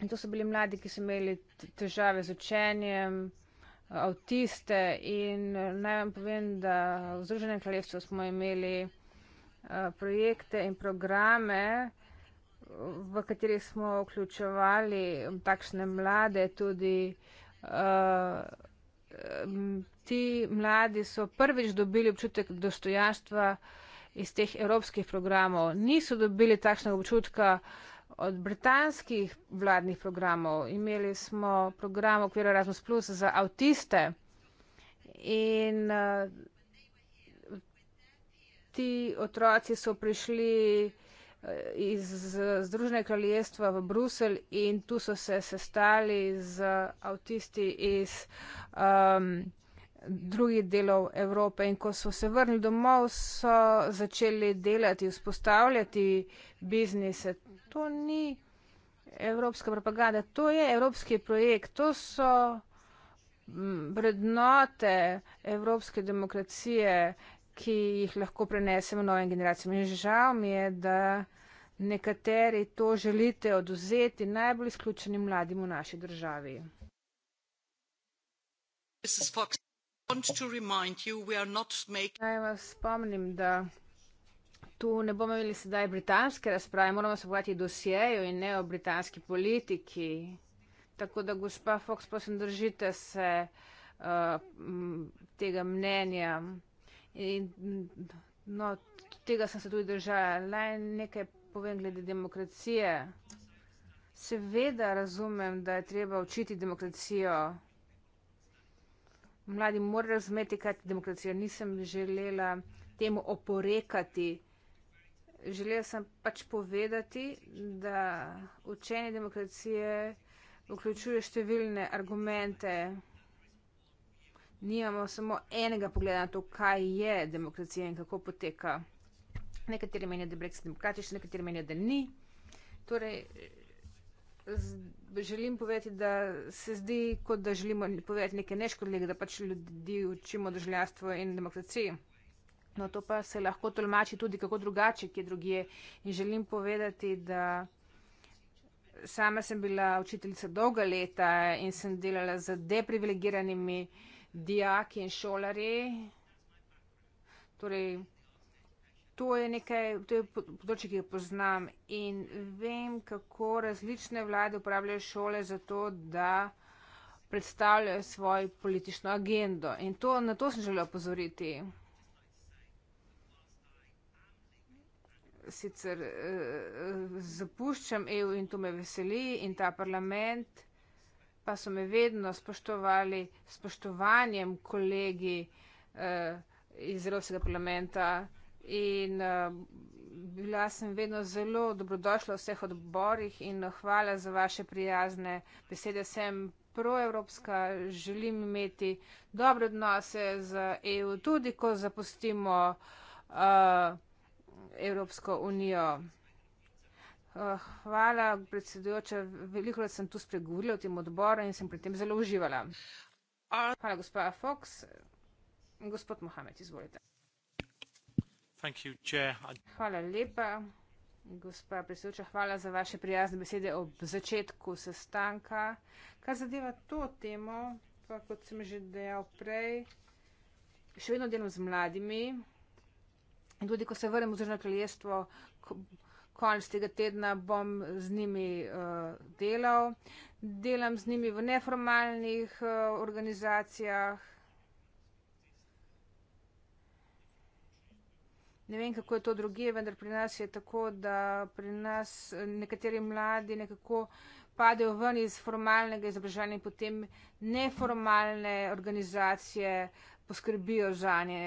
Speaker 3: In to so bili mladi, ki so imeli težave z učenjem, avtiste in naj vam povem, da v Združenem kraljestvu smo imeli eh, projekte in programe, v katerih smo vključevali takšne mlade tudi. Eh, ti mladi so prvič dobili občutek dostojanstva iz teh evropskih programov. Niso dobili takšnega občutka, uh, od britanskih vladnih programov. Imeli smo program okvir Erasmus Plus za avtiste in eh, ti otroci so prišli eh, iz Združenega kraljestva v Bruselj in tu so se sestali z avtisti iz um, drugih delov Evrope. In ko so se vrnili domov, so začeli delati, vzpostavljati biznise. To ni evropska propaganda, to je evropski projekt, to so mm, vrednote evropske demokracije, ki jih lahko prenesemo novim generacijam. In žal mi je, da nekateri to želite oduzeti najbolj izključenim mladim v naši državi. This is Fox. Naj vas spomnim, da tu ne bomo imeli sedaj britanske razprave, moramo se pogledati dosjeju in ne o britanski politiki. Tako da, gospa Fox, prosim, držite se uh, tega mnenja. In, no, tega sem se tudi držala. Naj nekaj povem glede demokracije. Seveda razumem, da je treba učiti demokracijo mladi mora razumeti, kaj je demokracija. Nisem želela temu oporekati. Želela sem pač povedati, da učenje demokracije vključuje številne argumente. Nimamo samo enega pogleda na to, kaj je demokracija in kako poteka. Nekateri menijo, da je Brexit demokratičen, nekateri menijo, da ni. Torej, z, želim povedati, da se zdi, kot da želimo povedati nekaj neškodljega, da pač ljudi učimo državljanstvo in demokracijo. No, to pa se lahko tolmači tudi kako drugače, ki je drugje. In želim povedati, da sama sem bila učiteljica dolga leta in sem delala z deprivilegiranimi dijaki in šolari. Torej, To je nekaj, to je področje, ki ga poznam in vem, kako različne vlade uporabljajo šole za to, da predstavljajo svojo politično agendo. In to, na to sem želela opozoriti. Sicer eh, zapuščam EU in to me veseli in ta parlament, pa so me vedno spoštovali s spoštovanjem kolegi eh, iz Evropskega parlamenta in eh, bila sem vedno zelo dobrodošla v vseh odborih in hvala za vaše prijazne besede. Sem proevropska, želim imeti dobre odnose z EU, tudi ko zapustimo uh, Evropsko unijo. Eh, hvala, predsedujoča. Veliko let sem tu spregovorila o tem odboru in sem pri tem zelo uživala. Hvala, gospa Fox. Gospod Mohamed, izvolite. Hvala lepa, gospa predsedujoča. Hvala za vaše prijazne besede ob začetku sestanka. Kar zadeva to temo, pa kot sem že dejal prej, še vedno delam z mladimi. In tudi, ko se vrnem v Združeno kraljestvo, konec tega tedna bom z njimi uh, delal. Delam z njimi v neformalnih uh, organizacijah, Ne vem, kako je to drugje, vendar pri nas je tako, da pri nas eh, nekateri mladi nekako padejo ven iz formalnega izobraževanja in potem neformalne organizacije poskrbijo za nje.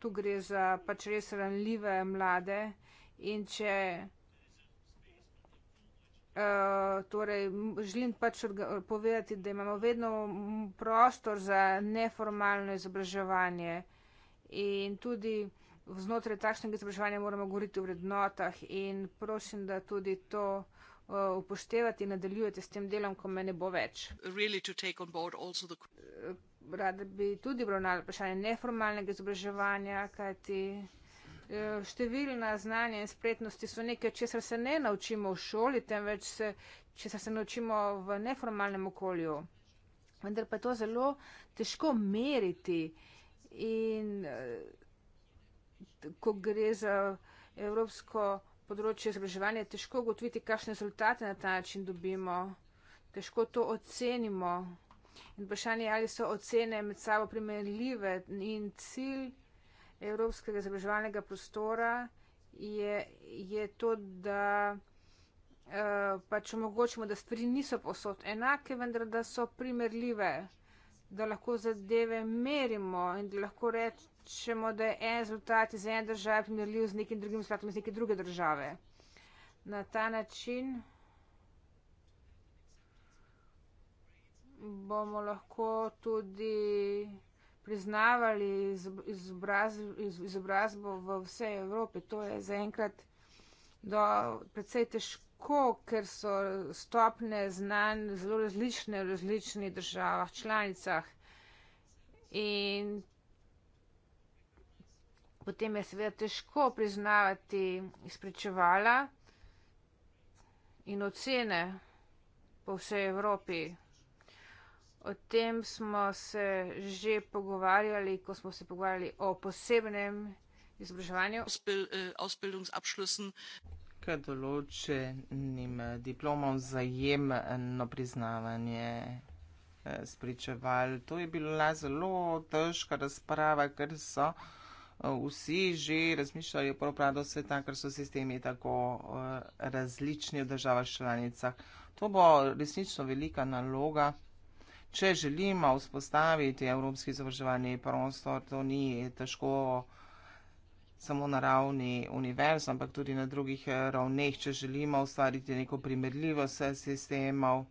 Speaker 3: Tu gre za pač res ranljive mlade in če uh, torej, želim pač povedati, da imamo vedno prostor za neformalno izobraževanje in tudi znotraj takšnega izobraževanja moramo govoriti o vrednotah in prosim, da tudi to uh, upoštevati in nadaljujete s tem delom, ko me ne bo več.
Speaker 1: Really the... Uh,
Speaker 3: rada bi tudi obravnala vprašanje neformalnega izobraževanja, kajti uh, številna znanja in spretnosti so nekaj, česar se ne naučimo v šoli, temveč se, česar se naučimo v neformalnem okolju. Vendar pa je to zelo težko meriti in ko gre za evropsko področje izobraževanja, težko ugotoviti, kakšne rezultate na ta način dobimo. Težko to ocenimo. In vprašanje je, ali so ocene med sabo primerljive in cilj evropskega izobraževalnega prostora je, je to, da uh, pač omogočimo, da stvari niso posod enake, vendar da so primerljive da lahko zadeve merimo in da lahko rečemo, da je en rezultat iz ene države primerljiv z nekim drugim rezultatom iz neke druge države. Na ta način bomo lahko tudi priznavali izobrazbo v vsej Evropi. To je zaenkrat precej težko lahko, ker so stopne znanj zelo različne v različnih državah, članicah. In potem je seveda težko priznavati izpričevala in ocene po vsej Evropi. O tem smo se že pogovarjali, ko smo se pogovarjali o posebnem izobraževanju
Speaker 2: k določenim diplomom vzajemno priznavanje eh, spričeval. To je bila zelo težka razprava, ker so eh, vsi že razmišljali o propadu sveta, ker so sistemi tako eh, različni v državah članicah. To bo resnično velika naloga. Če želimo vzpostaviti evropski izobraževalni prostor, to ni težko samo na ravni univerz, ampak tudi na drugih eh, ravneh, če želimo ustvariti neko primerljivost eh, sistemov.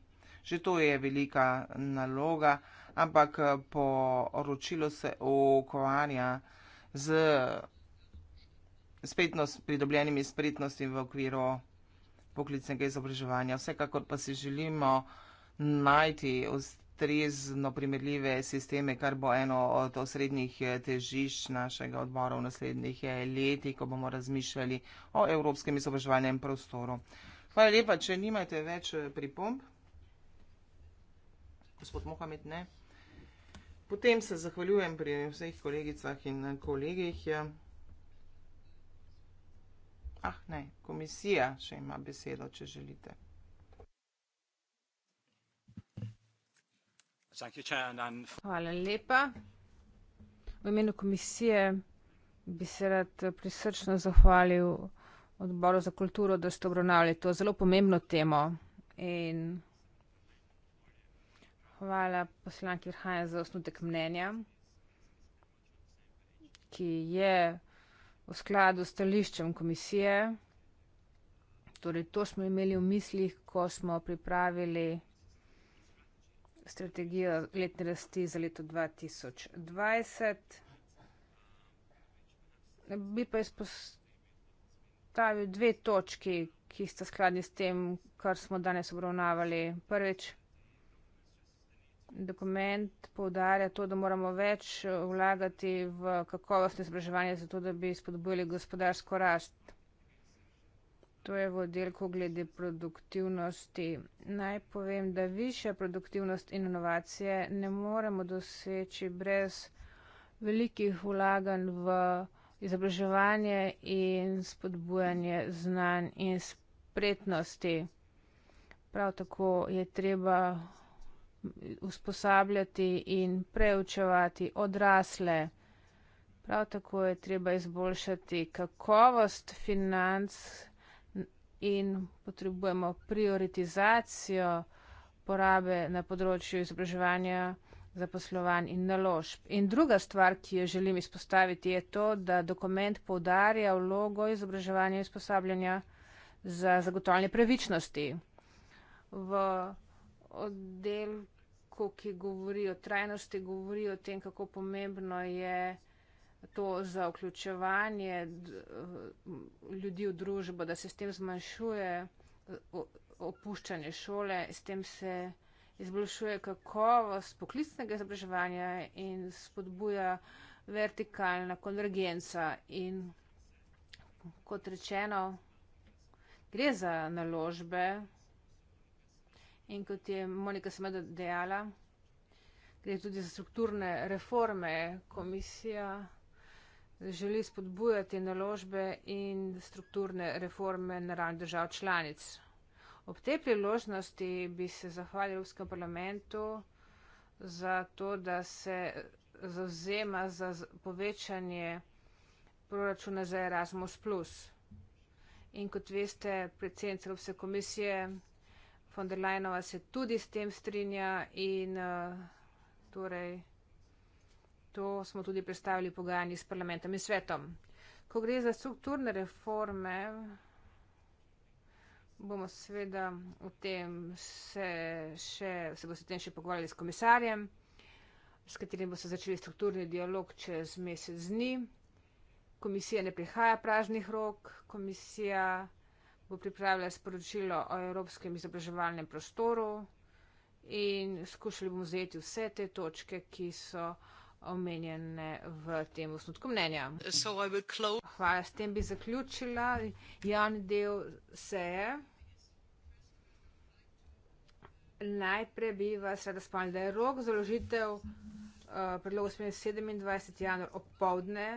Speaker 2: Že to je velika naloga, ampak eh, poročilo se ukvarja z spetnost, pridobljenimi spretnosti v okviru poklicnega izobraževanja. Vsekakor pa si želimo najti ustvarjanje trezno primerljive sisteme, kar bo eno od osrednjih eh, težišč našega odbora v naslednjih eh, letih, ko bomo razmišljali o evropskem izobraževalnem prostoru. Hvala lepa, če nimate več eh, pripomb. Gospod Mohamed, ne. Potem se zahvaljujem pri vseh kolegicah in kolegih. Ja. Ah, ne, komisija še ima besedo, če želite.
Speaker 1: Hvala
Speaker 3: lepa. V imenu komisije bi se rad prisrčno zahvalil odboru za kulturo, da ste obravnavali to zelo pomembno temo. In hvala poslanki Rhajan za osnutek mnenja, ki je v skladu s stališčem komisije. Torej, to smo imeli v mislih, ko smo pripravili strategijo letne rasti za leto 2020. Bi pa izpostavil dve točki, ki sta skladni s tem, kar smo danes obravnavali. Prvič, dokument povdarja to, da moramo več vlagati v kakovostno izobraževanje, zato da bi spodbojili gospodarsko rast. To je v oddelku glede produktivnosti. Naj povem, da višja produktivnost in inovacije ne moremo doseči brez velikih vlaganj v izobraževanje in spodbujanje znanj in spretnosti. Prav tako je treba usposabljati in preučevati odrasle. Prav tako je treba izboljšati kakovost financ in potrebujemo prioritizacijo porabe na področju izobraževanja, zaposlovanj in naložb. In druga stvar, ki jo želim izpostaviti, je to, da dokument povdarja vlogo izobraževanja in usposabljanja za zagotovljanje pravičnosti. V oddelku, ki govori o trajnosti, govori o tem, kako pomembno je to za vključevanje eh, ljudi v družbo, da se s tem zmanjšuje eh, opuščanje šole, s tem se izboljšuje kakovost poklicnega izobraževanja in spodbuja vertikalna konvergenca. In kot rečeno, gre za naložbe in kot je Monika Semeda dejala, gre tudi za strukturne reforme komisija želi spodbujati naložbe in strukturne reforme na ravni držav članic. Ob tej priložnosti bi se zahvalil Evropskem parlamentu za to, da se zavzema za povečanje proračuna za Erasmus. In kot veste, predsednica Evropske komisije von der Leinova se tudi s tem strinja in uh, torej. To smo tudi predstavili pogajanji s parlamentom in svetom. Ko gre za strukturne reforme, bomo seveda o tem se, še, se bo s tem še pogovarjali s komisarjem, s katerim bo se začeli strukturni dialog čez mesec dni. Komisija ne prihaja pražnih rok, komisija bo pripravila sporočilo o evropskem izobraževalnem prostoru in skušali bomo zajeti vse te točke, ki so omenjene v tem osnutku mnenja. Hvala, s tem bi zaključila javni del seje. Najprej bi vas rada spomnila, da je rok za vložitev predlogu smer 27. januar opovdne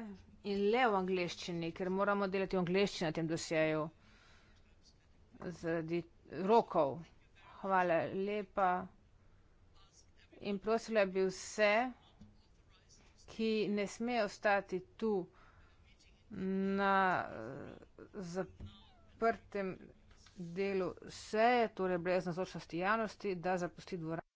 Speaker 3: in le v angliščini, ker moramo delati v angliščini na tem dosjeju zaradi rokov. Hvala lepa in prosila bi vse ki ne smejo ostati tu na eh, zaprtem delu seje, torej brez nazočnosti javnosti, da zapusti dvorano.